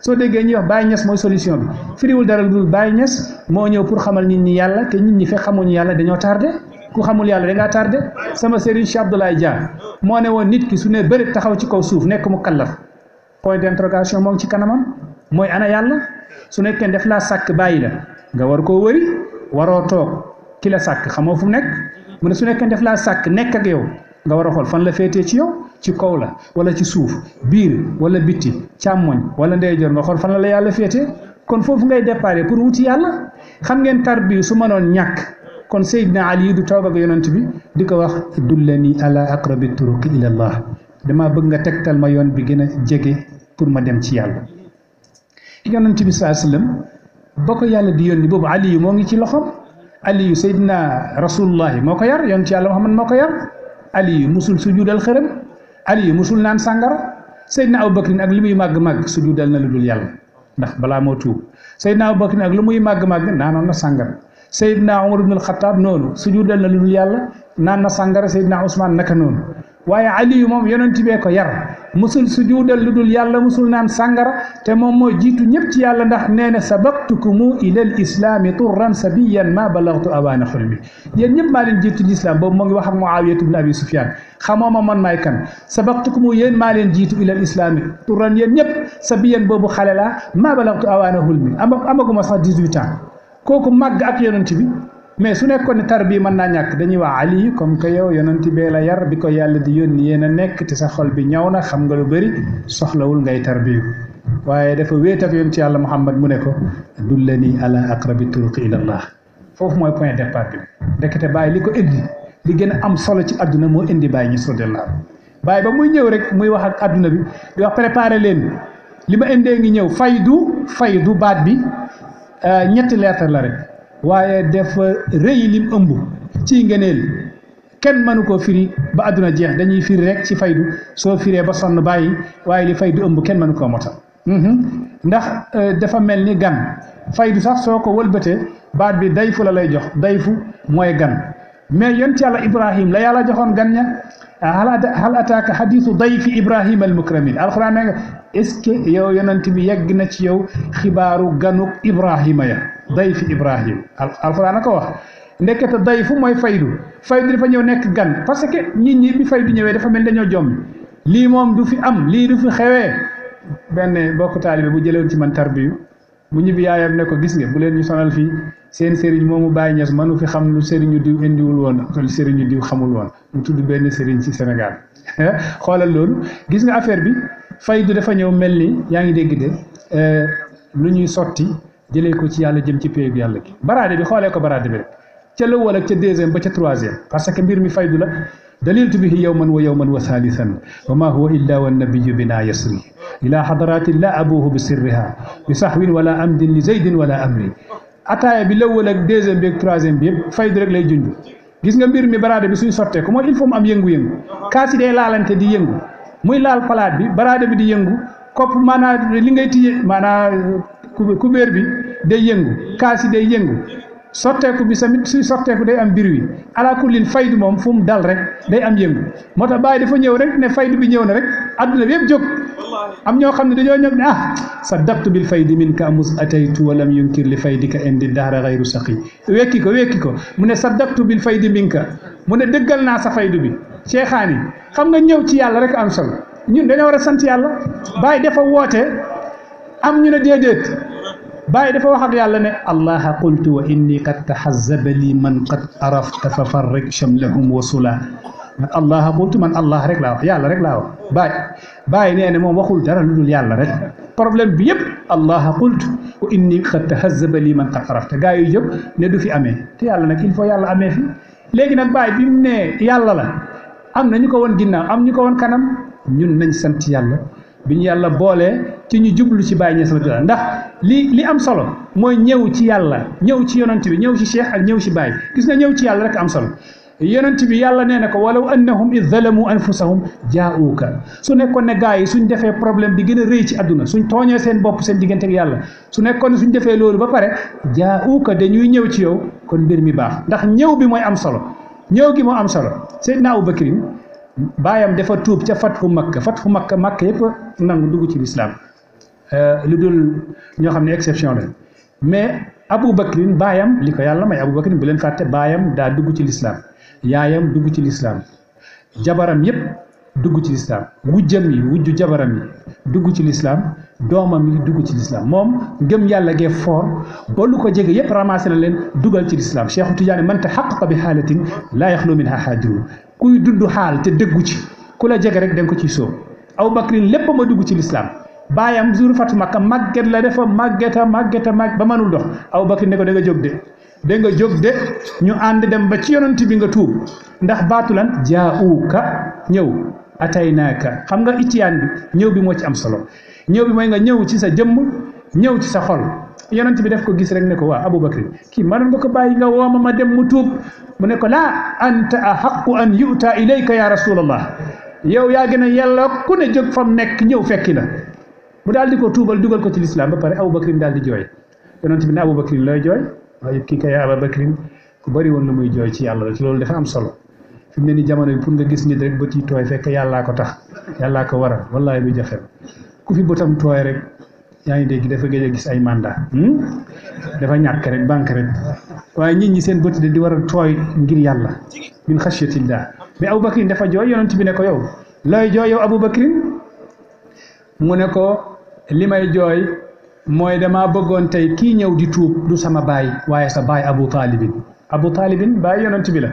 soo déggee ñuy wax Baye Niass mooy solution bi firiwul dara lu dul Baye Niass moo ñëw pour xamal nit ñi yàlla te nit ñi fekk xamuñu yàlla dañoo tardé ku xamul yàlla dangaa tardé sama sëriñ Cheikh Abdoulaye Dia moo ne woon nit ki su ne bëri taxaw ci kaw suuf nekk mu kallaf point d'interrogation moom ci kanamam mooy ana yàlla su nekkee def laa sàkk bàyyi la nga war koo wëri waroo toog ki la sàkk xamoo fu mu nekk mu ne su nekkee def laa sàkk nekk ak yow nga war a xool fan la féetee ci yow. ci kaw la wala ci suuf biir wala bitti càmmoñ wala ndeyjoor nga xool fan la la yàlla féete kon foofu ngay déparé pour wuti yàlla xam ngeen tarbiyu su mënoon ñàkk kon Seydina Ali du toog ak yonent bi di ko wax dullani ala aqrabi turuqi ila allah dama bëgg nga tegtal ma yoon bi gën a jege pour ma dem ci yàlla yonent bi saa sallam ba ko yàlla di yónni boobu aliyu moo ngi ci loxoom aliyu Seydina rasulullahi moo ko yar yonent yàlla Muhammad moo ko yar aliyu musul sujudal xërëm ali yu musul naan sàngara Seydina Aboubacrin ak li muy màgg-màgg sujudal na lu dul yàlla ndax balaa moo tuub Seydina Aboubacrin ak lu muy màgg-màgg naanoon na sàngara Seydina Omar ibn al noonu sujudal na lu dul yàlla naan na sàngara Seydina Ousmane naka noonu waaye aliyu moom yonent bee ko yar musul sujuudal lu dul yàlla musul naan sàngara te moom mooy jiitu ñëpp ci yàlla ndax nee na sabaqtukumu ilal islaami turran sabiyan ma balagtu awaana xulmi yéen ñëpp maa leen jiitu lislaam boobu moo ngi wax ak muawiyat ibn abi sufyaan xamoo ma man maay kan sabaqtukumu yéen maa leen jiitu ilal islaami turran yéen ñëpp sabiyan boobu xale laa ma balagtu awaana xulmi ama amaguma sax 18 ans kooku màgg ak yonent bi mais su nekkoon ne tarbiya mën naa ñàkk dañuy wax ali comme que yow yonanti bee la yar bi ko yàlla di yónni yéen a nekk te sa xol bi ñaw na xam nga lu bëri soxlawul ngay tarbiyu waaye dafa wéet ak ci yàlla Muhammad mu ne ko dullani ala aqrabi turuqi ila allah foofu mooy point de départ bi ndekete bàyyi li ko indi li gën a am solo ci àdduna moo indi bàyyi ñu sodel la bàyyi ba muy ñëw rek muy wax ak àdduna bi di wax préparé leen li ma indee ngi ñëw faydu faydu baat bi euh, ñetti leetar la rek waaye dafa rëy lim ëmb ci ngëneel kenn mënu koo firi ba àdduna jeex dañuy firi rek ci faydu soo firee ba sonn bàyyi waaye li faydu ëmb kenn mënu koo motal mhm. ndax euh, dafa mel ni gan faydu sax soo ko wëlbatee baat bi dayfu la lay jox day fu mooy gan mais yonent yàlla ibrahim la yàlla joxoon gan ña hal ataaka hadiisu dayfi ibrahim al mukramin alxuraan nga est ce que yow yonent bi yegg na ci yow xibaaru ganuk ibrahima ya day fi Ibrahim alxuraan a ko wax ndekete day fu mooy fay faydu dafa ñëw nekk gan parce que nit ñi bi faydu ñëwee dafa mel dañoo jommi lii moom du fi am lii du fi xewee benn bokk taalibe bu jëlewoon ci man tarbiyu mu ñibbi yaayam ne ko gis nga bu leen ñu sonal fii seen sëriñ moomu Baye Niass mënu fi xam lu sëriñu diw indiwul woon lu sëriñu diw xamul woon mu tudd benn sëriñ ci Sénégal xoolal loolu gis nga affaire bi fay faydu dafa ñëw mel ni yaa ngi dégg euh, ñuy sotti jëlee ko ci yàlla jëm ci péegu yàlla gi baraade bi xoolee ko baraade bi rek ca la wala ca deuxième ba ca troisième parce que mbir mi faydu la daliltu bihi yawman wa yawman wa thalithan wa ma huwa illa wa nabiyu bina yasri ila xadarati la abuhu bi sirriha bi sahwin wala amdin li zaydin wala amri ataaya bi lawal ak deuxième bi ak troisième bi yëpp faydu rek lay junj gis nga mbir mi baraade bi suñ sottee ko mooy il faut mu am yëngu-yëngu kaas yi day laalante di yëngu muy laal palaat bi baraade bi di yëngu kopp maanaa li ngay tiyee maanaa kubéer bi day yëngu kaas yi day yëngu sotteeku bi tamit suy sotteeku day am bir wi ala kullin faydu moom fu mu dal rek day am yëngu moo tax bàyyi dafa ñëw rek ne faydu bi ñëw na rek adduna bi yëpp jóg am ñoo xam ne dañoo ñëw ne ah sa dabtu bil faydi min ka amus ataytu walam yunkir li faydika indi dahra gayru saqi wekki ko wekki ko mu ne sa dabtu bil faydi min mu ne dëggal naa sa faydu bi ceexaan yi xam nga ñëw ci yàlla rek am sol ñun dañoo war a sant yàlla bàyyi dafa woote am ñu ne déedéet bàyyi dafa wax ak yàlla ne allaha qultu wa inni qad taxazaba li man qad arafta fa farrik shamlahum wasula man allaha qultu man allah rek laa wax yàlla rek laa wax bàyyi bàyyi nee ne moom waxul dara lu dul yàlla rek problème bi yëpp allaha qultu wa inni qad taxazaba li man qad arafta gaa yu yëpp ne du fi amee te yàlla nag il faut yàlla amee fi léegi nag bàyyi bi mu ne yàlla la am na ñu ko woon ginnaaw am ñu ko woon kanam ñun nañ sant yàlla bi ñu yàlla boolee ci ñu jublu ci Baye Niass la ndax li li am solo mooy ñëw ci yàlla ñëw ci yoonant bi ñëw ci cheikh ak ñëw ci Baye gis nga ñëw ci yàlla rek am solo yonent bi yàlla nee na ko walaw annahum id zalamu anfusahum jaauka su nekkoon ne gars yi suñ defee problème bi gën a rëy ci àdduna suñ tooñee seen bopp seen diggante ak yàlla su nekkoon ne defee loolu ba pare jaauka dañuy ñëw ci yow kon mbir mi baax ndax ñëw bi mooy am solo ñëw gi moo am solo baayam dafa tuub ca fat fu fatxu makka fatxu makka makka yëpp nangu dugg ci lislaam euh, lu dul ñoo xam ne exception la mais aboubacrin baayam li ko yàlla may aboubacrin bu leen fàtte baayam daa dugg ci lislaam yaayam dugg ci lislaam jabaram yëpp dugg ci lislaam wujjam yi wujju jabaram yi dugg ci lislaam doomam yi dugg ci lislaam moom ngëm yàlla gee foor ba lu ko jege yëpp ramassé na leen dugal ci lislaam Cheikhu mante man ko bi xaalatin laa yaxlu minha xaadirun kuy dund xaal te dëggu ci ku la jege rek da ko ci sóob aw bakrin lépp ma dugg ci lislaam baayam jour fatu makka màgget la defa màggeta màggeta màgg ba manul dox aw bakrin ne ko da nga jóg de da nga jóg de ñu ànd dem ba ci yonent bi nga tuub ndax baatu lan ka ñëw ataynaaka xam nga ittiyaan bi ñëw bi moo ci am solo ñëw bi mooy nga ñëw ci sa jëmm ñëw ci sa xol yonent bi def ko gis rek ne ko waa Aboubacry kii mënoon nga ko bàyyi nga wooma ma dem mu tuub mu ne ko laa anta ahaqu an yuta ilayka ya rasulallah yow yaa gën a yelloo ku ne jóg fam nekk ñëw fekki la mu daal di ko tuubal dugal ko ci lislaam ba pare Aboubacry daal di jooy yonent bi ne Aboubacry looy jooy waaye kii kay Aboubacry ku bëri woon lu muy jooy ci yàlla la ci loolu dafa am solo fi ne ni jamono bi pour nga gis nit rek bët yi tooy fekk ko tax yàllaa ko waral wallaahi bu jafe ku fi bëtam yaa ngi dégg dafa gëj a gis ay mandat hmm? dafa ñàkk rek banque rek waaye nit ñi seen bët di war a tooy ngir yàlla min xasyatillah mais Aboubacrin dafa jooy yonent bi ne ko yow looy jooy yow Aboubacrin mu ne ko li may jooy mooy damaa bëggoon tey kii ñëw di tuub du sama baay waaye sa baay Abu Taalibin Abu Taalibin baay yonent bi la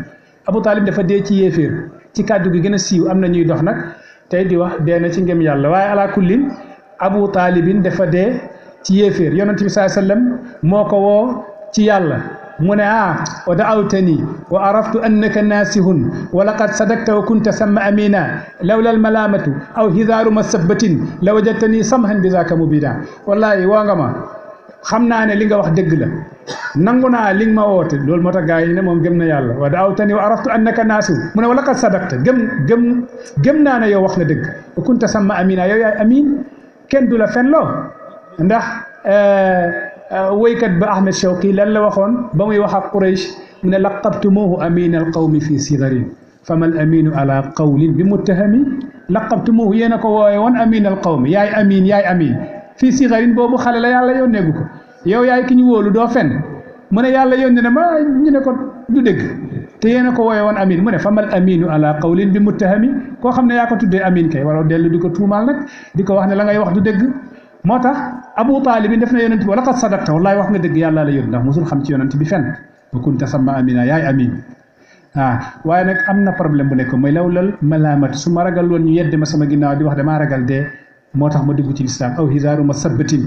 Abu Taalib dafa dee ci yéeféer ci kàddu gi gën a siiw am na ñuy dox nag tey di wax dee na ci ngëm yàlla waaye ala kullin abu taalibin dafa dee ci yéeféer yonent bi saai sallam moo ko woo ci yàlla mu ne ah wa daawtani wa araftu annaka naasihun wa laqad sadakta wa kunta sama amina lawla almalaamatu aw hidaaru masabbatin la wajadtani samhan bi zaaka mubina wallahi woo nga ma xam naa ne li nga wax dëgg la nangu naa li nga ma woote loolu moo tax gaa yi ne moom gëm na yàlla wa daawtani wa araftu annaka naasihu mu ne wa laqad sadakta gëm gëm gëm naa ne yow wax nga dëgg wa kunta sama amina yow yaay amin kenn du la fenloo ndax euh, euh, woykat ba Ahmed Shawqi lan la waxoon ba muy wax ak Quraysh mu ne laqabtumuhu amin al qawmi fi sigarin fama al aminu ala qawlin bi muttahami laqabtumuhu yéen a ko wooye woon amin al qawmi yaay amin yaay amin fii sigarin boobu xale la yàlla yoon neegu ko yow yaay ki ñu wóolu doo fen mu ne yàlla yónni ne ma ñu ne ko du dëgg te yéen a ko wooye woon amin mu ne famal aminu ala qawlin bi muttahami koo xam ne yaa ko tuddee amin kay wala dellu di ko tuumaal nag di ko wax ne la ngay wax du dëgg moo tax abu taalibin def na yonent bi wala qad sadaqta wallaay wax nga dëgg yàlla la yónni ndax musul xam ci yonent bi fenn ba kunta sama amina yaay amin ah waaye nag am na problème bu nekk mooy lawlal ma su ma ragal woon ñu yedde ma sama ginnaaw di wax damaa ragal dee moo tax ma dugg ci lislaam aw hisaaru ma sabbatin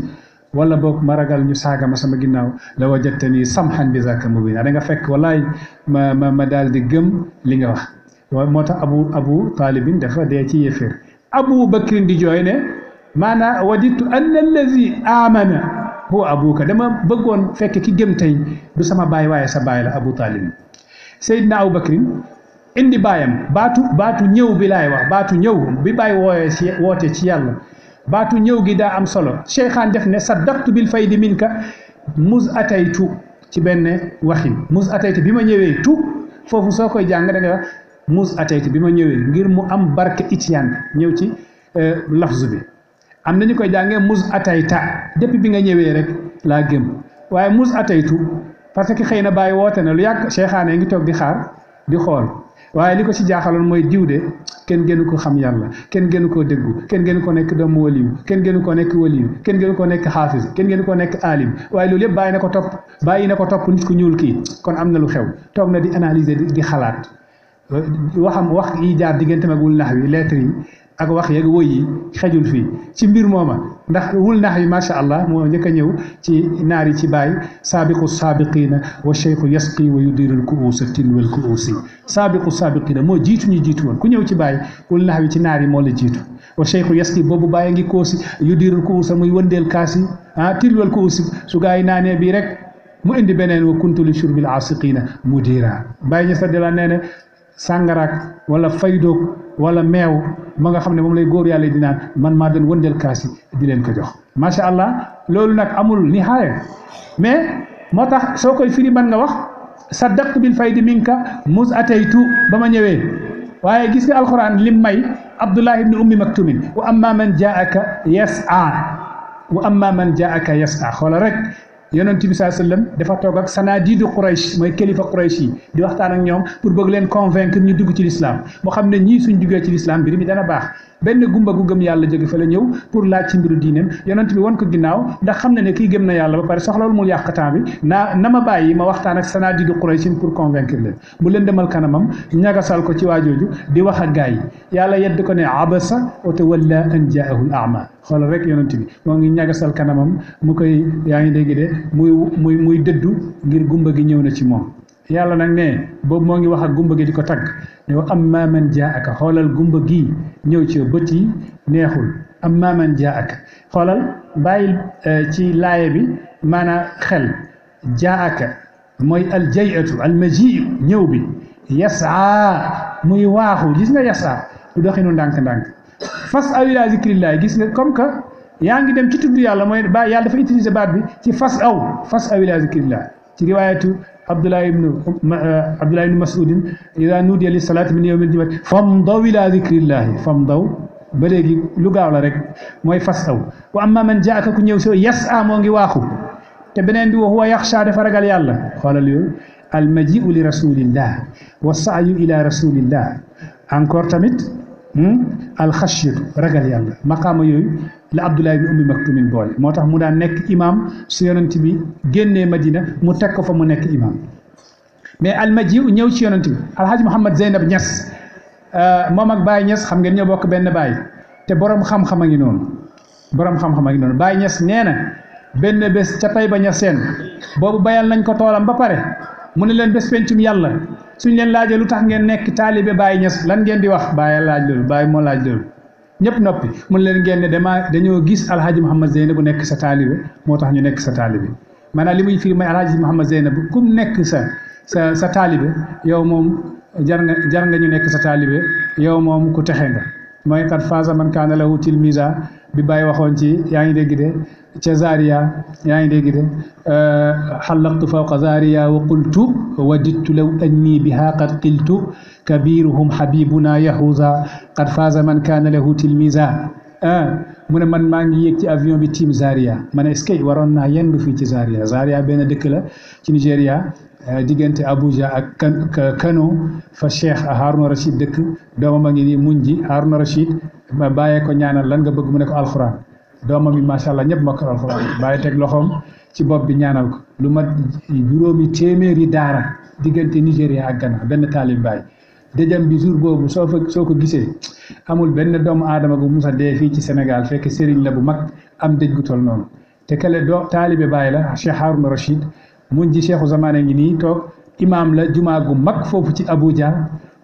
wala boog ma ragal ñu saaga ma sama ginnaaw la wajate nii samxan bi zaka mubina da nga fekk walaay ma ma ma daal di gëm li nga wax waaw moo tax abu abu taalibin dafa dee ci yéeféer abu bakrin di jooy ne maanaa waditu anna allazi huwa abuka dama bëggoon fekk ki gëm tey du sama baay waaye sa baay la abu taalibin seydina abu bakrin indi baayam baatu baatu ñëw bi laay wax baatu ñëw bi baay wooyee si woote ci yàlla baatu ñëw gi daa am solo cheikhaan def ne saddaqtu bil faydi minka mus ataytu ci benn waxin mus ataytu bi ma ñëwee tu foofu soo koy jàng da nga mus ataytu bi ma ñëwee ngir mu am barke itiyaan ñëw ci euh, lafzu bi am nañu koy jàngee mus atayta depuis bi nga ñëwee rek laa gémm waaye mus ataytu parce que xëy na bàyyi woote na lu yàq cheikhaane ngi toog di xaar di xool waaye li ko ci jaaxaloon mooy diw de kenn gënu ko xam yàlla kenn gënu koo déggu kenn gënu ko nekk doomu waliyu kenn gënu ko nekk waliyu kenn gënu ko nekk xaafis kenn gënu koo nekk aalim waaye loolu yëpp bàyyi na ko topp bàyyi na ko topp nit ku ñuul kii kon am na lu xew toog na di analyser di xalaat waxam wax yi jaar diggante mag wul nax wi lettre yi ak wax yeeg woy yi xejul fii ci mbir mooma ndax wul ndax yi macha allah moo njëkk a ñëw ci naar yi ci bàyyi saabiqu saabiqina wa cheikhu yasqi wa yudirul kuusa tilwal kuusi saabiqu saabiqina moo jiitu ñu jiitu woon ku ñëw ci baay wul ndax yi ci naar yi moo la jiitu wa cheikhu yasqi boobu bàyyi ngi koosi yudirul kuusa muy wëndeel kaas yi ah tilwal kuusi su gaa yi naanee bii rek mu indi beneen wa kuntu li shurbil aasiqina mudira bàyyi ñu sa de la nee ne sàngaraak wala faydoog wala meew ma nga xam ne moom lay góor yàlla di naan man maa doon wëndeel kaas yi di leen ko jox macha allah loolu nag amul nihaaya mais moo tax soo koy firi man nga wax saddaqtu bil faydi minka mus ataytu ba ma ñëwee waaye gis nga alxuraan lim may abdullah ibni ummi maktumin wa amma man jaaka yasa wa amma man jaaka yasa xoola rek yonent bi saa sallam dafa toog ak sanadiidu Quraysh mooy kilifa Quraysh yi di waxtaan ak ñoom pour bëgg leen convaincre ñu dugg ci lislaam moo xam ne ñii suñ duggee ci lislaam mbir mi dana baax benn gumba gu gëm yàlla jóge fa la ñëw pour laaj ci mbiru diineem yonent bi wan ko ginnaaw ndax xam na ne kii gém na yàlla ba pare soxlawul mu yàq temps bi naa na ma bàyyi ma waxtaan ak sanaadidu Quraysin pour convaincre leen mu leen demal kanamam ñagasal ko ci waajooju di wax ak gaa yi yàlla yedd ko ne abasa wa tawalla an jaahul ama xoolal rek yonent bi moo ngi ñagasal kanamam mu koy yaa ngi dégg de muy muy muy dëddu ngir gumba gi ñëw na ci moom yàlla nag ne boobu moo ngi wax ak gumba gi di ko tagg ne wa amma man jaa aka xoolal gumba gi ñëw ci bët yi neexul amma man jaa aka xoolal bàyyil eh, ci laaye bi maanaam xel jaa aka mooy aljayatu almajiu ñëw bi yasaa muy waaxu gis nga yasaa du doxinu ndànk-ndànk fas aw ila zikrillah gis nga comme que yaa ngi dem ci tudd yàlla mooy ba yàlla dafa utiliser baat bi ci fas aw fas aw ila zikrillah ci riwaayatu Abdullah ibn eh, Abdullah ibn Mas'udin ida nuudiya li salaati min yawmil jumati fam daw ila dicrillahi fam daw ba léegi lu gaaw la rek mooy fas taw wa amma man jaaka ku ñëw si yas a moo ngi waaxu te beneen bi wa huwa yaxsha dafa ragal yàlla xoolal yooyu almajiu li rasulillah wa saayu ila rasulillah encore tamit Hmm? alxashir ragal yàlla maqaama yooyu la Abdoulaye bi ummi maktumin boole moo tax mu daan nekk imam su yonent bi génnee Madina mu teg ko fa mu nekk imam mais almaji ñëw ci yonent bi alhaji Mouhamed Zeynab ñas euh, moom ak Baye Niass xam ngeen ñoo bokk benn Baye te boroom xam-xam a ngi noonu borom xam-xam a ngi noonu Baye ñas nee na benn bés ca Taïba Niassène boobu bayal nañ ko toolam ba pare mu ne leen bés pencum yàlla. suñ leen laajee lu tax ngeen nekk taalibe bàyyi Niass lan ngeen di wax Baye laaj loolu Baye moo laaj loolu ñëpp noppi mun leen ngeen ne damaa dañoo gis alhaji Mouhamad Zeynab bu nekk sa taalibe moo tax ñu nekk sa taalibe maanaam li muy firi mooy alhaji Mouhamad Zeynab bu kum nekk sa sa sa taalibe yow moom jar nga jar nga ñu nekk sa taalibe yow moom ku texe nga mooy kat faasa man kaana lahu tilmisa bi bàyyi waxoon ci yaa ngi dégg de ca Zaria yaa ngi dégg de euh, xallaqtu fawqa Zaria wa qultu wajidtu law anni biha qad qiltu kabiruhum habibuna yahuza qad faaza man kaana lahu tilmiza euh, mu ne man maa ngi yéeg ci avion bi tiim Zaria ma ne est-ce que waroon naa yendu fii ci Zaria Zaria benn dëkk la ci Nigéria euh, diggante Abuja ak Kano fa Cheikh Haruna Rachid dëkk doomam a ngi nii muñ ji Haruna Rachid ma bàyyee ko ñaanal lan nga bëgg mu ne ko alxuraan doomam yi macha allah ñëpp mokkal alxuraan bàyyi teg loxoom ci bopp bi ñaanal ko lu mat juróomi téeméeri daara diggante Nigéria ak Ghana benn taalib baay dëjëm bi jour boobu soo fa soo ko gisee amul benn doomu aadama bu musa dee fii ci Sénégal fekk sëriñ la bu mag am dëj gu toll noonu te kale doo taalibe baay la Cheikh Harouna Rachid mun ji cheikhu zamane ngi nii toog imaam la jumaa gu mag foofu ci Abuja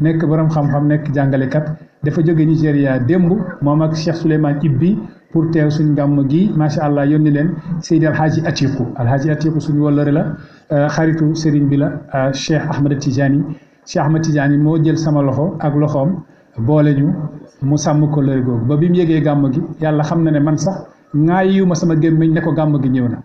nekk borom xam-xam nekk jàngalekat dafa jóge Nigéria démb moom ak Cheikh Souleymane Ibbi pour teew suñ gàmm gi macha allah yónni leen Seydi Alhaji Atiku Alhaji Atiku suñu wëllëre la euh, xaritu sëriñ bi la euh, Cheikh Ahmed Tidiane Cheikh Ahmed Tidiane moo jël sama loxo ak loxoom boole ñu mu sàmm ko lëre ba bi mu yëgee gàmm gi yàlla xam na ne man sax ŋaayiwu ma sama gémmiñ ne ko gàmm gi ñëw na.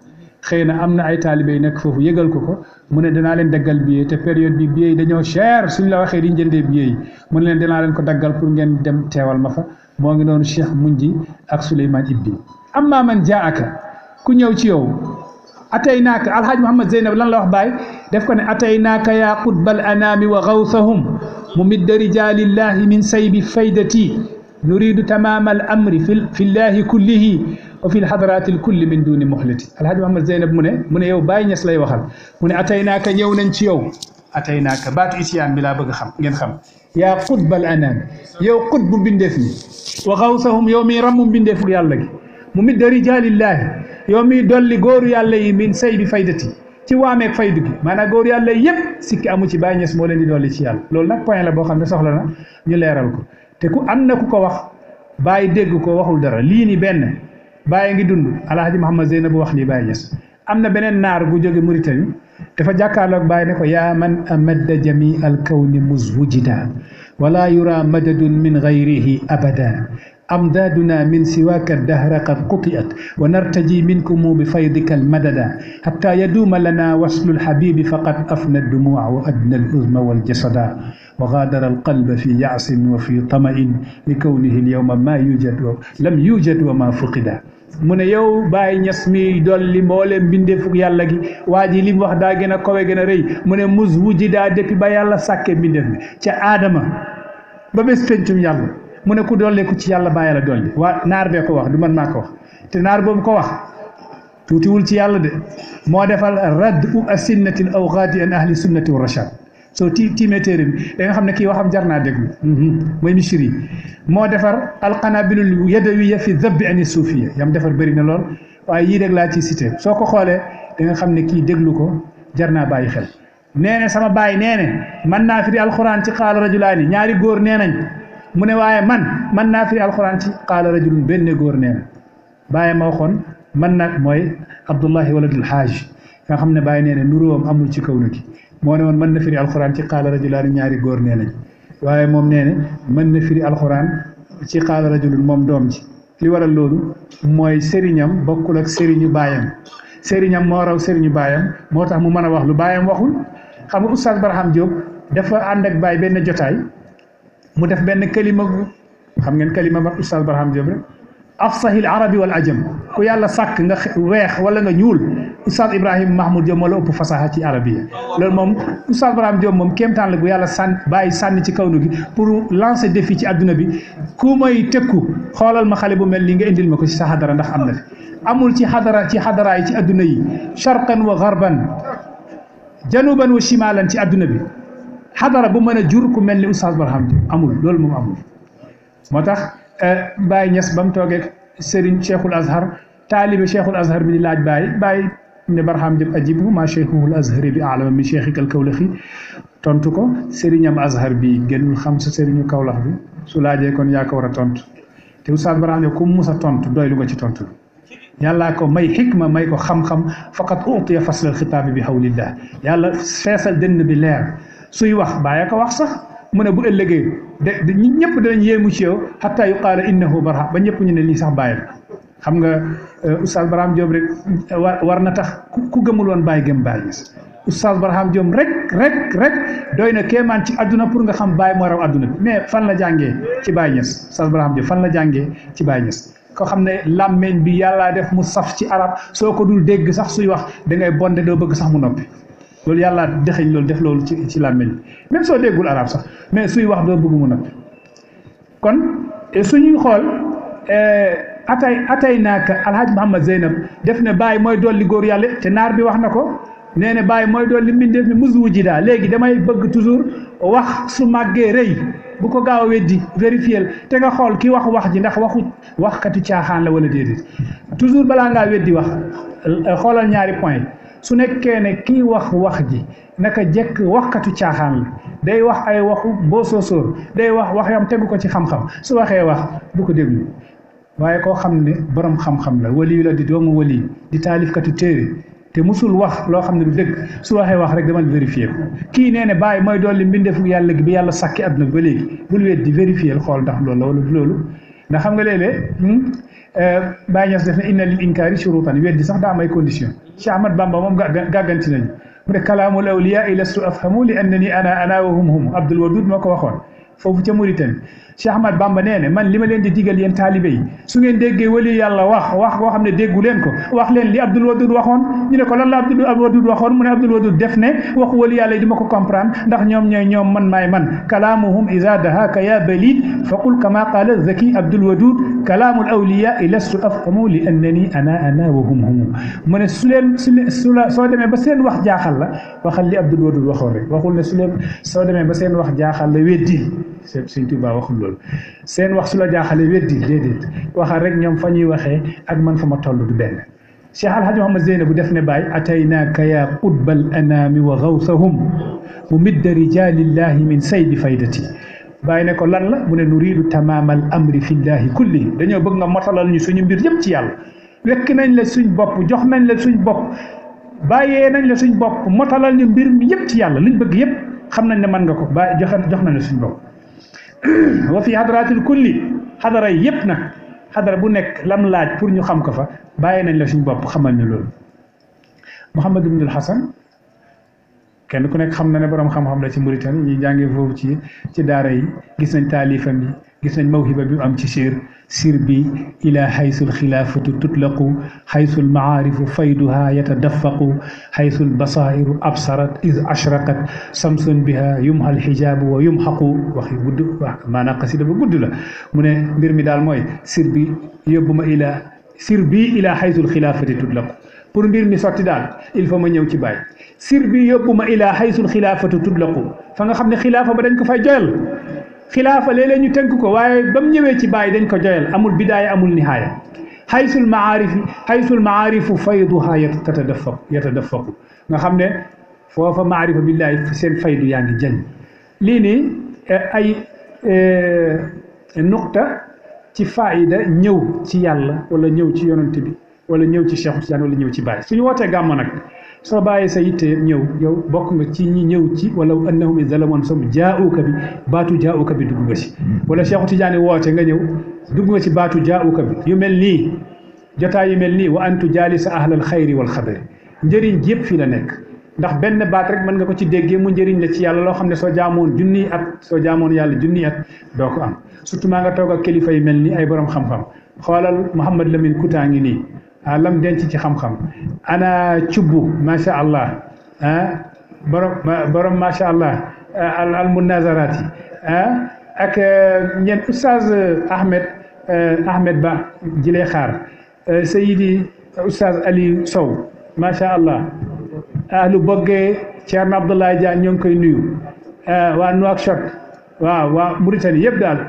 xëy na am na ay taalibe yu nekk foofu yëgal ko ko mu ne danaa leen daggal billet te période bi billet yi dañoo cher suñ la waxee di jëndee billet yi mu ne leen danaa leen ko daggal pour ngeen dem teewal ma fa moo ngi doon Cheikh ji ak Souleymane Ibbi amma man jaaka ku ñëw ci yow atay naaka alhaaj Mouhamad Zeynab lan la wax baay def ko ne atay naaka yaa qutbal anaami wa gawsahum mu midda rijaalillahi min saybi faydati nuridu tamama al amri fi fi llahi kullihi wa fi lxadrati lkulli min duni muxliti alhaji mahamad zeynab mu ne mu ne yow Baye Niass lay waxal mu ne atay naaka ñëw nañ ci yow atay naaka baatu isiyaan bi laa bëgg xam ngeen xam yaa qutbal anaam yow qutbu mbindeef mi wa xawsahum yow miy ramm mbindeefu yàlla gi mu mit da rijalillaahi yow miy dolli góoru yàlla yi min say bi faydati ci waameeg faydu gi maanaam góoru yàlla yi yëpp sikki amu ci Baye Niass moo leen di dolli ci yàlla loolu nag point la boo xam ne soxla ñu leeral ko te ku am na ku ko wax bàyyi dégg ko waxul dara lii ni benn bàyyi ngi dund alhaji Mouhamad Zeynab wax lii bàyyi ñes am na beneen naar bu jóge Mauritanie dafa jàkkaarloog bàyyi ne ko yaa man amadda jami al kawni muzwujida wala yura madadun min gayrihi abada amdaaduna min siwaaka dahra qad qutiat wa nartaji minkumu bi faydika almadada xatta yaduuma lana waslu alxabibi faqad afna addumuwa wa adna aluzma waljasada وغادر القلب في يعص وفي طمع لكونه اليوم ما يوجد لم يوجد mu ne yow Baye Niass mi dolli mboolem mbindeefuk yàlla gi waa ji li wax daa gën a kowe gën a rëy mu ne mus wujji daa depuis ba yàlla sàkke mbindeef bi ca aadama ba bés pencum yàlla mu ne ku dolli ku ci yàlla baa yàlla dolli naar bee ko wax du man naa ko wax te naar boobu ko wax tuutiwul ci yàlla de moo defal radd u aw awqaati an ahli sunnati wa rachad soo ti tiimee téere bi da xam ne kii waxam jar naa déglu mhm. mooy Mishri moo defar alqanaabilul yadawiya fi dabbi ani suufiya yam defar bari na lool waaye yii rek laa ci cité soo ko xoolee danga xam ne kii déglu ko jar naa bàyyi xel nee sama baay nee ne man naa firi alxuraan ci xaala rajulaani ñaari góor nee nañ mu ne waaye man man naa firi alxuraan ci xaala rajulun benn góor nee na bàyyi ma waxoon man nag mooy Abdullahi waladul Haaj nga xam ne bàyyi nee ne nuróowam amul ci kaw na ki moo ne woon mën na firi alxuraan ci xaala rajulaani ñaari góor nee nañ waaye moom nee mën na firi alxuraan ci xaala rajulun moom doom ji li waral loolu mooy sëriñam bokkul ak sëriñu baayam sëriñam moo raw sëriñu baayam moo tax mu mën a wax lu baayam waxul xam nga oustaz Barham Diop dafa ànd ak baay benn jotaay mu def benn kalima xam ngeen këlima ba oustaz Barham Diop rek afsahil arabi wal ajam ko yàlla sàkk nga weex wala nga ñuul oustaz Ibrahim Mahmoud Diop moo la ëpp fasaxa ci arabiya loolu moom oustaz Ibrahim Diop moom kem la bu yàlla sànn bàyyi sànni ci kaw nu gi pour lancer défi ci àdduna bi ku may tëkku xoolal ma xale bu mel nii nga indil ma ko ci sa xadara ndax am na amul ci xadara ci xadara yi ci àdduna yi sharqan wa garban januban wa shimalan ci àdduna bi xadara bu mën a jur ku mel ni oustaz Ibrahim Diop amul lool moom amul Eh, Baye Niass ba mu toogee Serigne Cheikhul Azhar taalibe Cheikhul Azhar bi di laaj Baye Baye ne barham jëm ajibu ma Cheikhul Azhar bi alama mi Cheikhikal Kawlaxi tontu ko Serigne am Azhar bi gënul xam sa Serigne Kawlax bi su laajee kon yaa ko war a tontu te Oustaz Barham ne ku mu mus a tontu doy lu nga ci tontu. yàllaa ko may xikma may ko xam-xam faqat utiya faslal xitaabi bi xawlillah yàlla feesal dënn bi leer suy wax bàyyi ko wax sax. mu ne bu ëllëgee de ñi ñëpp danañ yéemu ci yow xataa yu qaala innahu barha ba ñëpp ñu ne lii sax bàyyi xam nga euh, oustaz Barham Diop rek war na tax ku gëmul woon bàyyi gëm bàyyi gis oustaz Barham Diop rek rek rek doy na kéemaan ci àdduna pour nga xam bàyyi moo raw àdduna bi mais fan la jàngee ci bàyyi ñes oustaz Barham Diop fan la jàngee ci bàyyi ñes koo xam ne làmmeñ bi yàllaa def mu saf ci arab soo ko dul dégg sax suy wax da ngay bonde doo bëgg sax mu noppi loolu yàlla dexeñ loolu def loolu ci ci làmmiñ même soo déggul arab sax mais suy wax doo bëgg mu noppi kon suñuy xool eh, atay atay naaka alhaaj Mouhamad Zeynab def ne bàyyi mooy dolli góor yàlla te naar bi wax na ko nee ne bàyyi mooy dool dolli mbindeef mi musu wujji daa léegi damay bëgg toujours wax su màggee rëy bu ko gaaw a weddi vérifier te nga xool ki wax wax ji ndax waxu waxkati caaxaan la wala déedéet toujours balaa ngaa weddi wax xoolal ñaari point su nekkee ne kii wax wax ji naka jekk waxkatu caaxaan la day wax ay waxu boo soosóor day wax wax yam tegu ko ci xam-xam su waxee wax bu ko déglu waaye koo xam ne borom xam-xam la waliyu la di doomu waliyu di taalifkati téere te musul wax loo xam ne du dëgg su waxee wax rek damal vérifier kii nee ne bàyyi mooy li mbindeefu yàlla gi bi yàlla sakki àdduna bi ba léegi bul weet di vérifier xool ndax loolu la wala du loolu ndax xam nga léeg-léeg hmm? Euh, Baye Niass def na inna lil inkaari shurutan weddi sax daa am ay condition Cheikh Ahmad Bamba moom gàgganti nañu mu ne kalaamul awliyaa lastu afhamu li annani ana ana wa hum hum Abdul Wadud moo ko waxoon foofu ca Mauritanie Cheikh Ahmad Bamba nee ne man li ma leen di digal yéen taalibe yi su ngeen déggee wali yàlla wax wax koo xam ne déggu leen ko wax leen li Abdul Wadud waxoon ñu ne ko lan la Abdul Wadud waxoon mu ne Abdul Wadud def ne wax wali yàlla yi di ma ko comprendre ndax ñoom ñooy ñoom man maay man kalaamuhum iza dahaka ya balid faqul kama qala zaki Abdul Wadud kalaamul awliya lastu afhamu li annani ana ana wa hum hum mu ne su leen su leen su la soo demee ba seen wax jaaxal la waxal li Abdul Wadud waxoon rek waxul ne su leen soo demee ba seen wax jaaxal la weddil sëñ sëñ Tuubaa waxul loolu seen wax su la jaaxale weddi déedéet waxal rek ñoom fa ñuy waxee ak man fa ma toll du benn Cheikh Alhaji Mouhamad Zeynab bu def ne Baye ataynaaka yaa qutbal anaami wa gawsahum mu midda rijaalillahi min saydi faydati bàyyi ne ko lan la mu ne nuriidu tamaamal amri fillahi kulli dañoo bëgg nga motalal ñu suñu mbir yëpp ci yàlla wekk nañ la suñ bopp jox nañ la suñ bopp bàyyee nañ la suñ bopp motalal ñu mbir mi yëpp ci yàlla liñ bëgg yëpp xam nañ ne mën nga ko bàyyi joxe jox nañ la suñ bopp wa fi hadratil kulli xadara yëpp na xadara bu nekk lam laaj pour ñu xam ko fa bàyyi nañ la suñu bopp xamal ñu loolu Mouhamad Ibnul Hasan kenn ku nekk xam na ne borom xam-xam la ci Mauritanie ñi jàngee foofu ci ci daara yi gis nañ taalifam yi gis nañ mawhiba bi mu am ci siir siir bi ila xaysul xilaafatu tutlaqu xaysul maarifu fayduha yatadaffaqu xaysul basairu absarat is ashraqat samsun biha yumha alxijaabu wa yumxaqu waxi gudd wax maanaam xasida ba gudd la mu ne mbir mi daal mooy siir bi yóbbu ma ila siir bi ila xaysul xilaafati tutlaqu pour mbir mi sotti daal il faut ma ñëw ci bàyyi sir bi yóbbu ma ilaa xaysul xilaafatu tutlaqu fa nga xam ne xilaafa ba dañ ko fay joyal xilaafa léeg ñu tënk ko waaye ba mu ñëwee ci bàyyi dañ ko joyal amul bidaaya amul nihaaya xaysul maarifi xaysul maarifu fayduha yatadafaqu yatadafaqu nga xam ne foofa maarifa billahi seen faydu yaa ngi jëñ lii nii eh, ay eh, nuqta ci faayida ñëw ci yàlla wala ñëw ci yonent bi wala ñëw ci Cheikh Tidiane wala ñëw ci Baye suñu wootee gàmmo nag soo bàyyi sa yitte ñëw yow bokk nga ci ñi ñëw ci wala annahum zalamoon som jaauka bi baatu jaauka bi dugg nga ci wala Cheikhu Tidiane woote nga ñëw dugg nga ci baatu jaauka bi yu mel nii jotaay yu mel nii wa antu jaalisa ahlal xayri wal xabari njëriñ yëpp fii la nekk ndax benn baat rek mën nga ko ci déggee mu njëriñ la ci yàlla loo xam ne soo jaamoon junniy at soo jaamoon yàlla junniy at doo ko am surtout maa nga toog ak kilifa yi mel ni ay borom xam-xam xoolal ngi nii lam denc ci xam-xam ana cubbu macha allah ah borom borom macha allah eh, al munazaraat yi ak eh, ñeen oustaz eh, Ahmed Ahmed Ba jilee xaar sayidi oustaz Aliou Sow macha allah ahlu boggee Thierno Abdoulaye Dia ñoo ngi koy nuyu waa Nouakchott waaw waa Mauritanie yëpp daal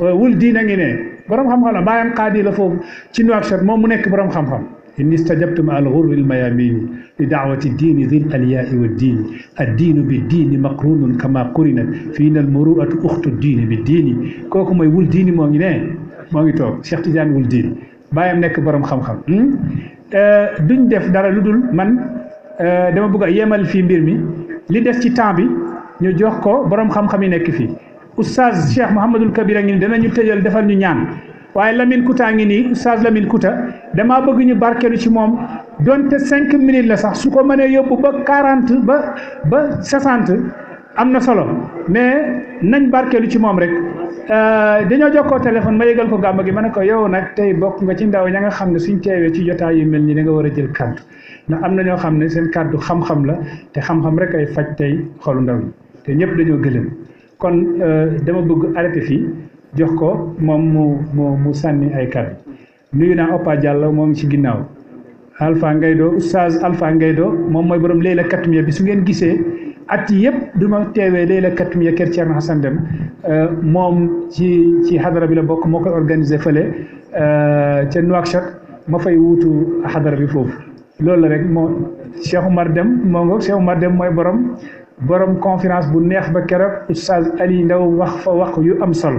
wul diina ngi ne borom xam-xam la bàyyam xaadi la foofu ci Nouakchott moom mu nekk borom xam-xam in istajabtum al ghurri al mayamini li daawati diini dil aliyaai wa diini ad diinu bi diini maqrunun kama qurinat fii na al muruatu uxtu diini bi diini kooku mooy wul diini moo ngi ne moo ngi toog Cheikh Tidiane wul diini bàyyam nekk borom xam-xam hmm? euh, duñ def dara lu dul man euh, dama bëgg a yemal fii mbir mi li des ci temps bi ñu jox ko borom xam-xam yi nekk fii oustaz Cheikh Mouhamadul Kabir a ngi nii ñu tëjal defal ñu ñaan waaye lamin Kouta a ngi nii oustaz Lamine Kouta damaa bëgg ñu barkeelu ci moom donte cinq minutes la sax su ko mënee yóbbu ba quarante ba ba soixante am na solo mais nañ barkeelu ci moom rek euh, dañoo jokkoo téléphone ma yëgal ko gàmb gi ma ne ko yow nag tey bokk nga ci ndaw ña nga xam ne suñ teewee ci jotaay yu mel ñi da nga war a jël kàddu ndax am na ñoo xam ne seen kaddu xam-xam la te xam-xam rek ay faj tey xolu ndaw te ñëpp dañoo gëlëm kon euh, dama bëgg arrêté fii jox ko moom mu mu sànni ay kàddu nuyu naa Opa Diallo moom ci ginnaaw Alpha Ngaydo oustaz Alpha Ngaydo moom mooy borom Layla Katmiya bi su ngeen gisee at yi yëpp du ma teewee Layla Katmiya kër Thierno Hassane Deme euh, moom ci ci xadara bi la bokk moo koy organisé fële euh, ca Nouakchott ma fay wuutu xadara bi foofu loolu la rek moo Cheikh Oumar Deme mooy borom. borom confirence bu neex ba keroog oustaz Ali Ndaw wax fa wax yu am sol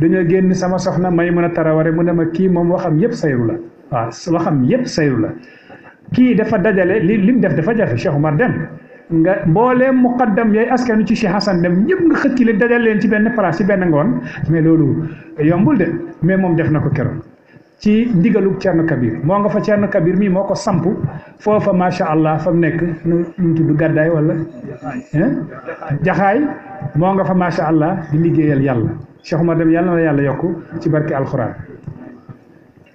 dañoo génn sama soxna Maymuna Taraware mu ne ma kii moom waxam yëpp sayru la waaw waxam yëpp sayru la kii dafa dajale li li mu def dafa jafe Cheikh Oumar Dem nga mbooleem muqaddam yooyu askanu ci Cheikh Hassan Dem ñëpp nga xëcc leen dajale leen ci benn place ci benn ngoon mais loolu yombul de mais moom def na ko keroog. ci ndigalu Thierno Kabir moo nga fa Thierno Kabir mii moo ko samp foofa macha allah fa mu nekk nu mu tudd gàddaay wala jaxaay moo nga fa macha allah di liggéeyal yàlla Cheikh dem yàlla na yàlla yokk ci barke alxuraan.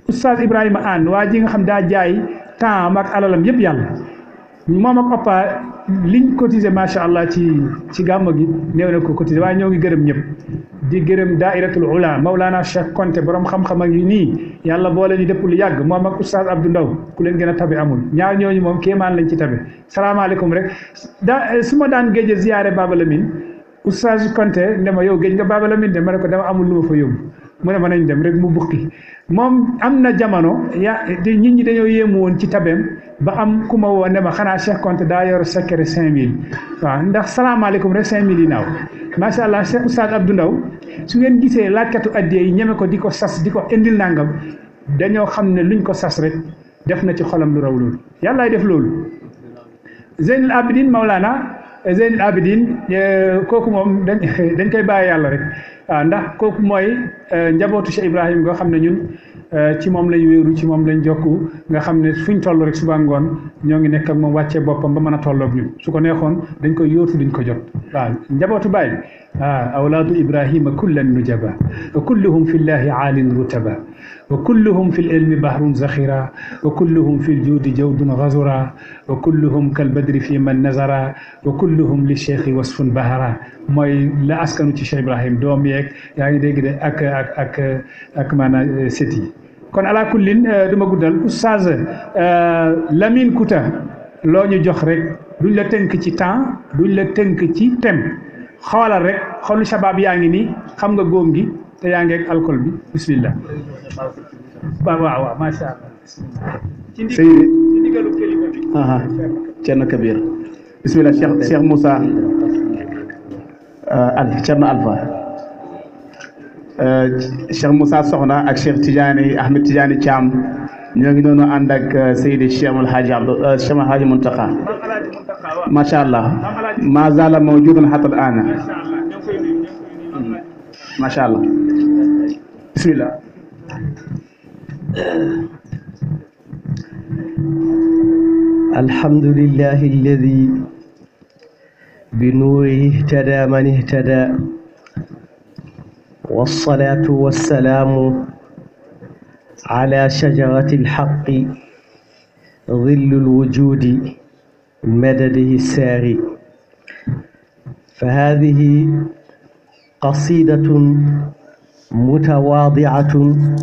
Oustaz Ibrahima Anne waa ji nga xam daa jaay temps ak alalam yëpp yàlla. moom ak Oppa liñ cotisé macha allah ci ci gàmmu gi néew na ko cotisé waaye ñëw ngi gërëm ñëpp di gërëm daa daairatul ula Maulana Cheikh Konte borom xam-xam ak yi nii yàlla boole ñu dëpp lu yàgg moom ak oustaz Abdou Ndaw ku leen gën a tabe amul ñaar ñooñu moom kéemaan lañ ci tabe salaamaaleykum rek daa su ma daan géej ziyaare Baba Lamine oustaz Konte ne ma yow géej nga Baba Lamine de ma ne ko dama amul lu ma fa yóbbu. mu ne ma nañ dem rek mu bukki moom am na jamono ya nit ñi dañoo yéemu woon ci tabeem ba am ku ma woon ne ma xanaa Cheikh Konte daa yore secret cinq mille waaw ndax salaamaaleykum rek cinq mille yi naaw macha allah Cheikh Oustaz Abdou Ndaw su ngeen gisee laajkatu addiya yi ñeme ko di ko sas di ko indil nangam dañoo xam ne luñ ko sas rek def na ci xolam lu raw loolu yàllaay def loolu Zeynul Abidin Maulana Zeynul Abidin eh, kooku moom dañ dañ koy bàyyi yàlla rek waaw ah, ndax kooku mooy eh, njabootu Cheikh Ibrahim nga xam ne ñun eh, ci moom lañ wéeru ci moom lañ jokku nga xam ne fuñ toll rek suba ngoon ñoo ngi nekk moom wàccee boppam ba mën a tolloog ñun su ko neexoon dañ koy yootu duñ ko jot waaw njabootu Baay ah awlaadu Ibrahima kullan nujaba kulluhum fi llahi aalin rutaba wa kulluhum fi l ilmi bahrun zakhira wa kulluhum fi l juudi jawdun ghazura wa kulluhum kal badri fi man nazara wa kulluhum li cheikhi wasfun bahara mooy la askanu ci Cheikh Ibrahim doom yeeg yaa ngi dégg de ak ak ak ak maanaam euh, sët yi kon ala kullin euh, du ma guddal oustaz euh, Lamine Kouta loo ñu jox rek duñ la tënk ci temps duñ la tënk ci thème xoolal rek xoolu shabab yaa ngi nii xam nga góom gi. te yaa ngeeg alcool bi bismillah waaw waaw macha allah ci ndigalu kilifa bi Cerno Kabir bismillah Cheikh Cheikh Moussa euh, al Cerno Alpha euh, Cheikh Moussa Soxna ak Cheikh Tidiane Ahmed Tidiane Thiam ñoo ngi noonu ànd ak euh, Seydi Cheikh Alhaji Abdou Cheikh Alhaji Muntaqa macha allah ma zala mawjudan hatta al ana macha allah bismillah الحمد لله الذي بنوره اهتدى من اهتدى والصلاة والسلام على شجرة الحق ظل الوجود مدده الساري فهذه قصيدة mutawaadiatun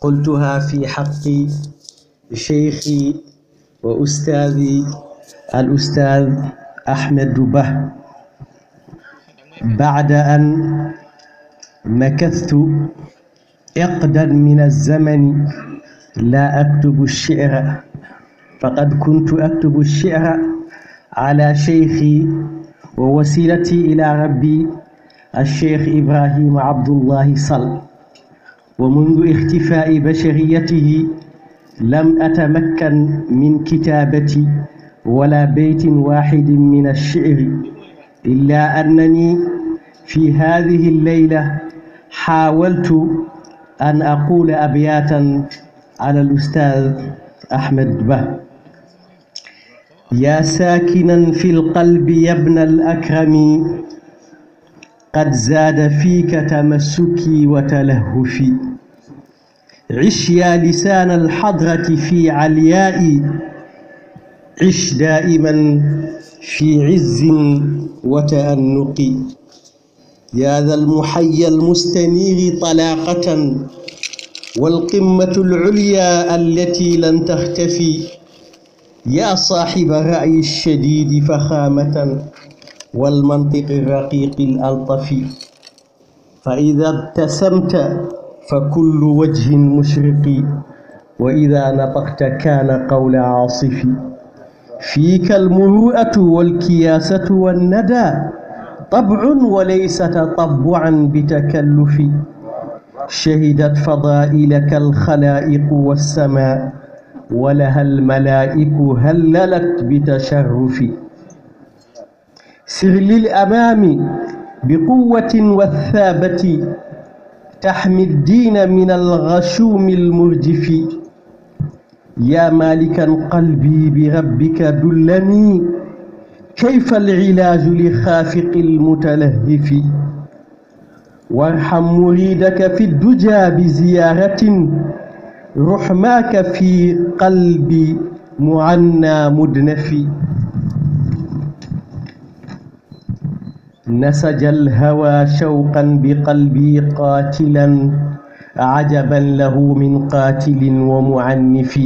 qultuha fi xaqi sheykhi wa ustaadi al ustaad Ahmed Ba bacda an makastu iqdan min alzamani la aktubu shicra faqad kuntu aktubu shicra ala sheykhi wa wasilati ila rabbi الشيخ إبراهيم عبد الله صل ومنذ اختفاء بشريته لم أتمكن من كتابة ولا بيت واحد من الشعر إلا أنني في هذه الليلة حاولت أن أقول أبياتا على الأستاذ أحمد به يا ساكنا في القلب يا ابن الأكرم قد زاد فيك تمسكي وتلهفي عش يا لسان الحضرة في علياء عش دائما في عز وتأنق يا ذا المحيا المستنير طلاقة والقمة العليا التي لن تختفي يا صاحب رأي الشديد فخامة والمنطق الرقيق الألطفي فإذا ابتسمت فكل وجه مشرق وإذا نطقت كان قول عاصف فيك المروءة والكياسة والندى طبع وليس تطبعا بتكلف شهدت فضائلك الخلائق والسماء ولها الملائك هللت بتشرف سر للأمام بقوة والثابة تحمي الدين من الغشوم المرجف يا مالكا قلبي بربك دلني كيف العلاج لخافق المتلهف وارحم مريدك في الدجى بزيارة رحماك في قلبي معنى مدنف نسج الهوى شوقا بقلبي قاتلا عجبا له من قاتل ومعنف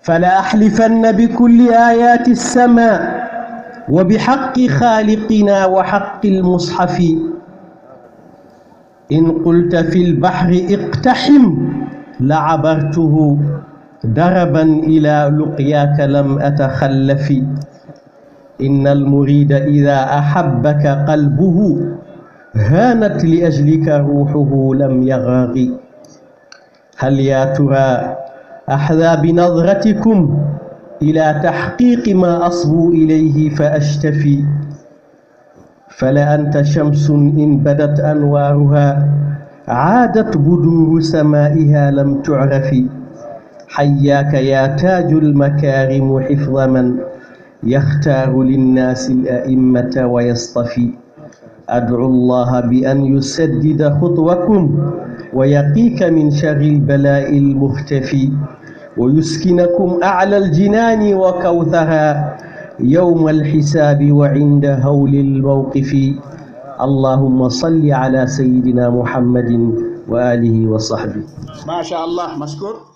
فلا أحلفن بكل آيات السماء وبحق خالقنا وحق المصحف إن قلت في البحر اقتحم لعبرته دربا إلى لقياك لم أتخلف innal murida ida ahabbaka qalbuhu haanat li ajlika ruuxuhu lam yagari hal yaa tura axdaa binadratikum ila taxqiiqi ma asbu ilayhi fa ashtafi fala anta shamsun in badat anwaaruha caadat buduuru samaa'iha lam tucrafi xayaaka yaa taaju almakaarimu xifda man yaxtaaru linnaasi al-a'immata wa yastafi ad'u llaha bi an yusaddida xutwakum wa yaqiika min sharri l-balaa'i l-muxtafi wa yuskinakum a'la al-jinaani wa kawthara yawma al-xisaabi wa 'inda hawli l-mawqifi allahumma salli ala sayyidina muhammadin wa aalihi wa sahbihi. Maa shaa Allah, mashkuur.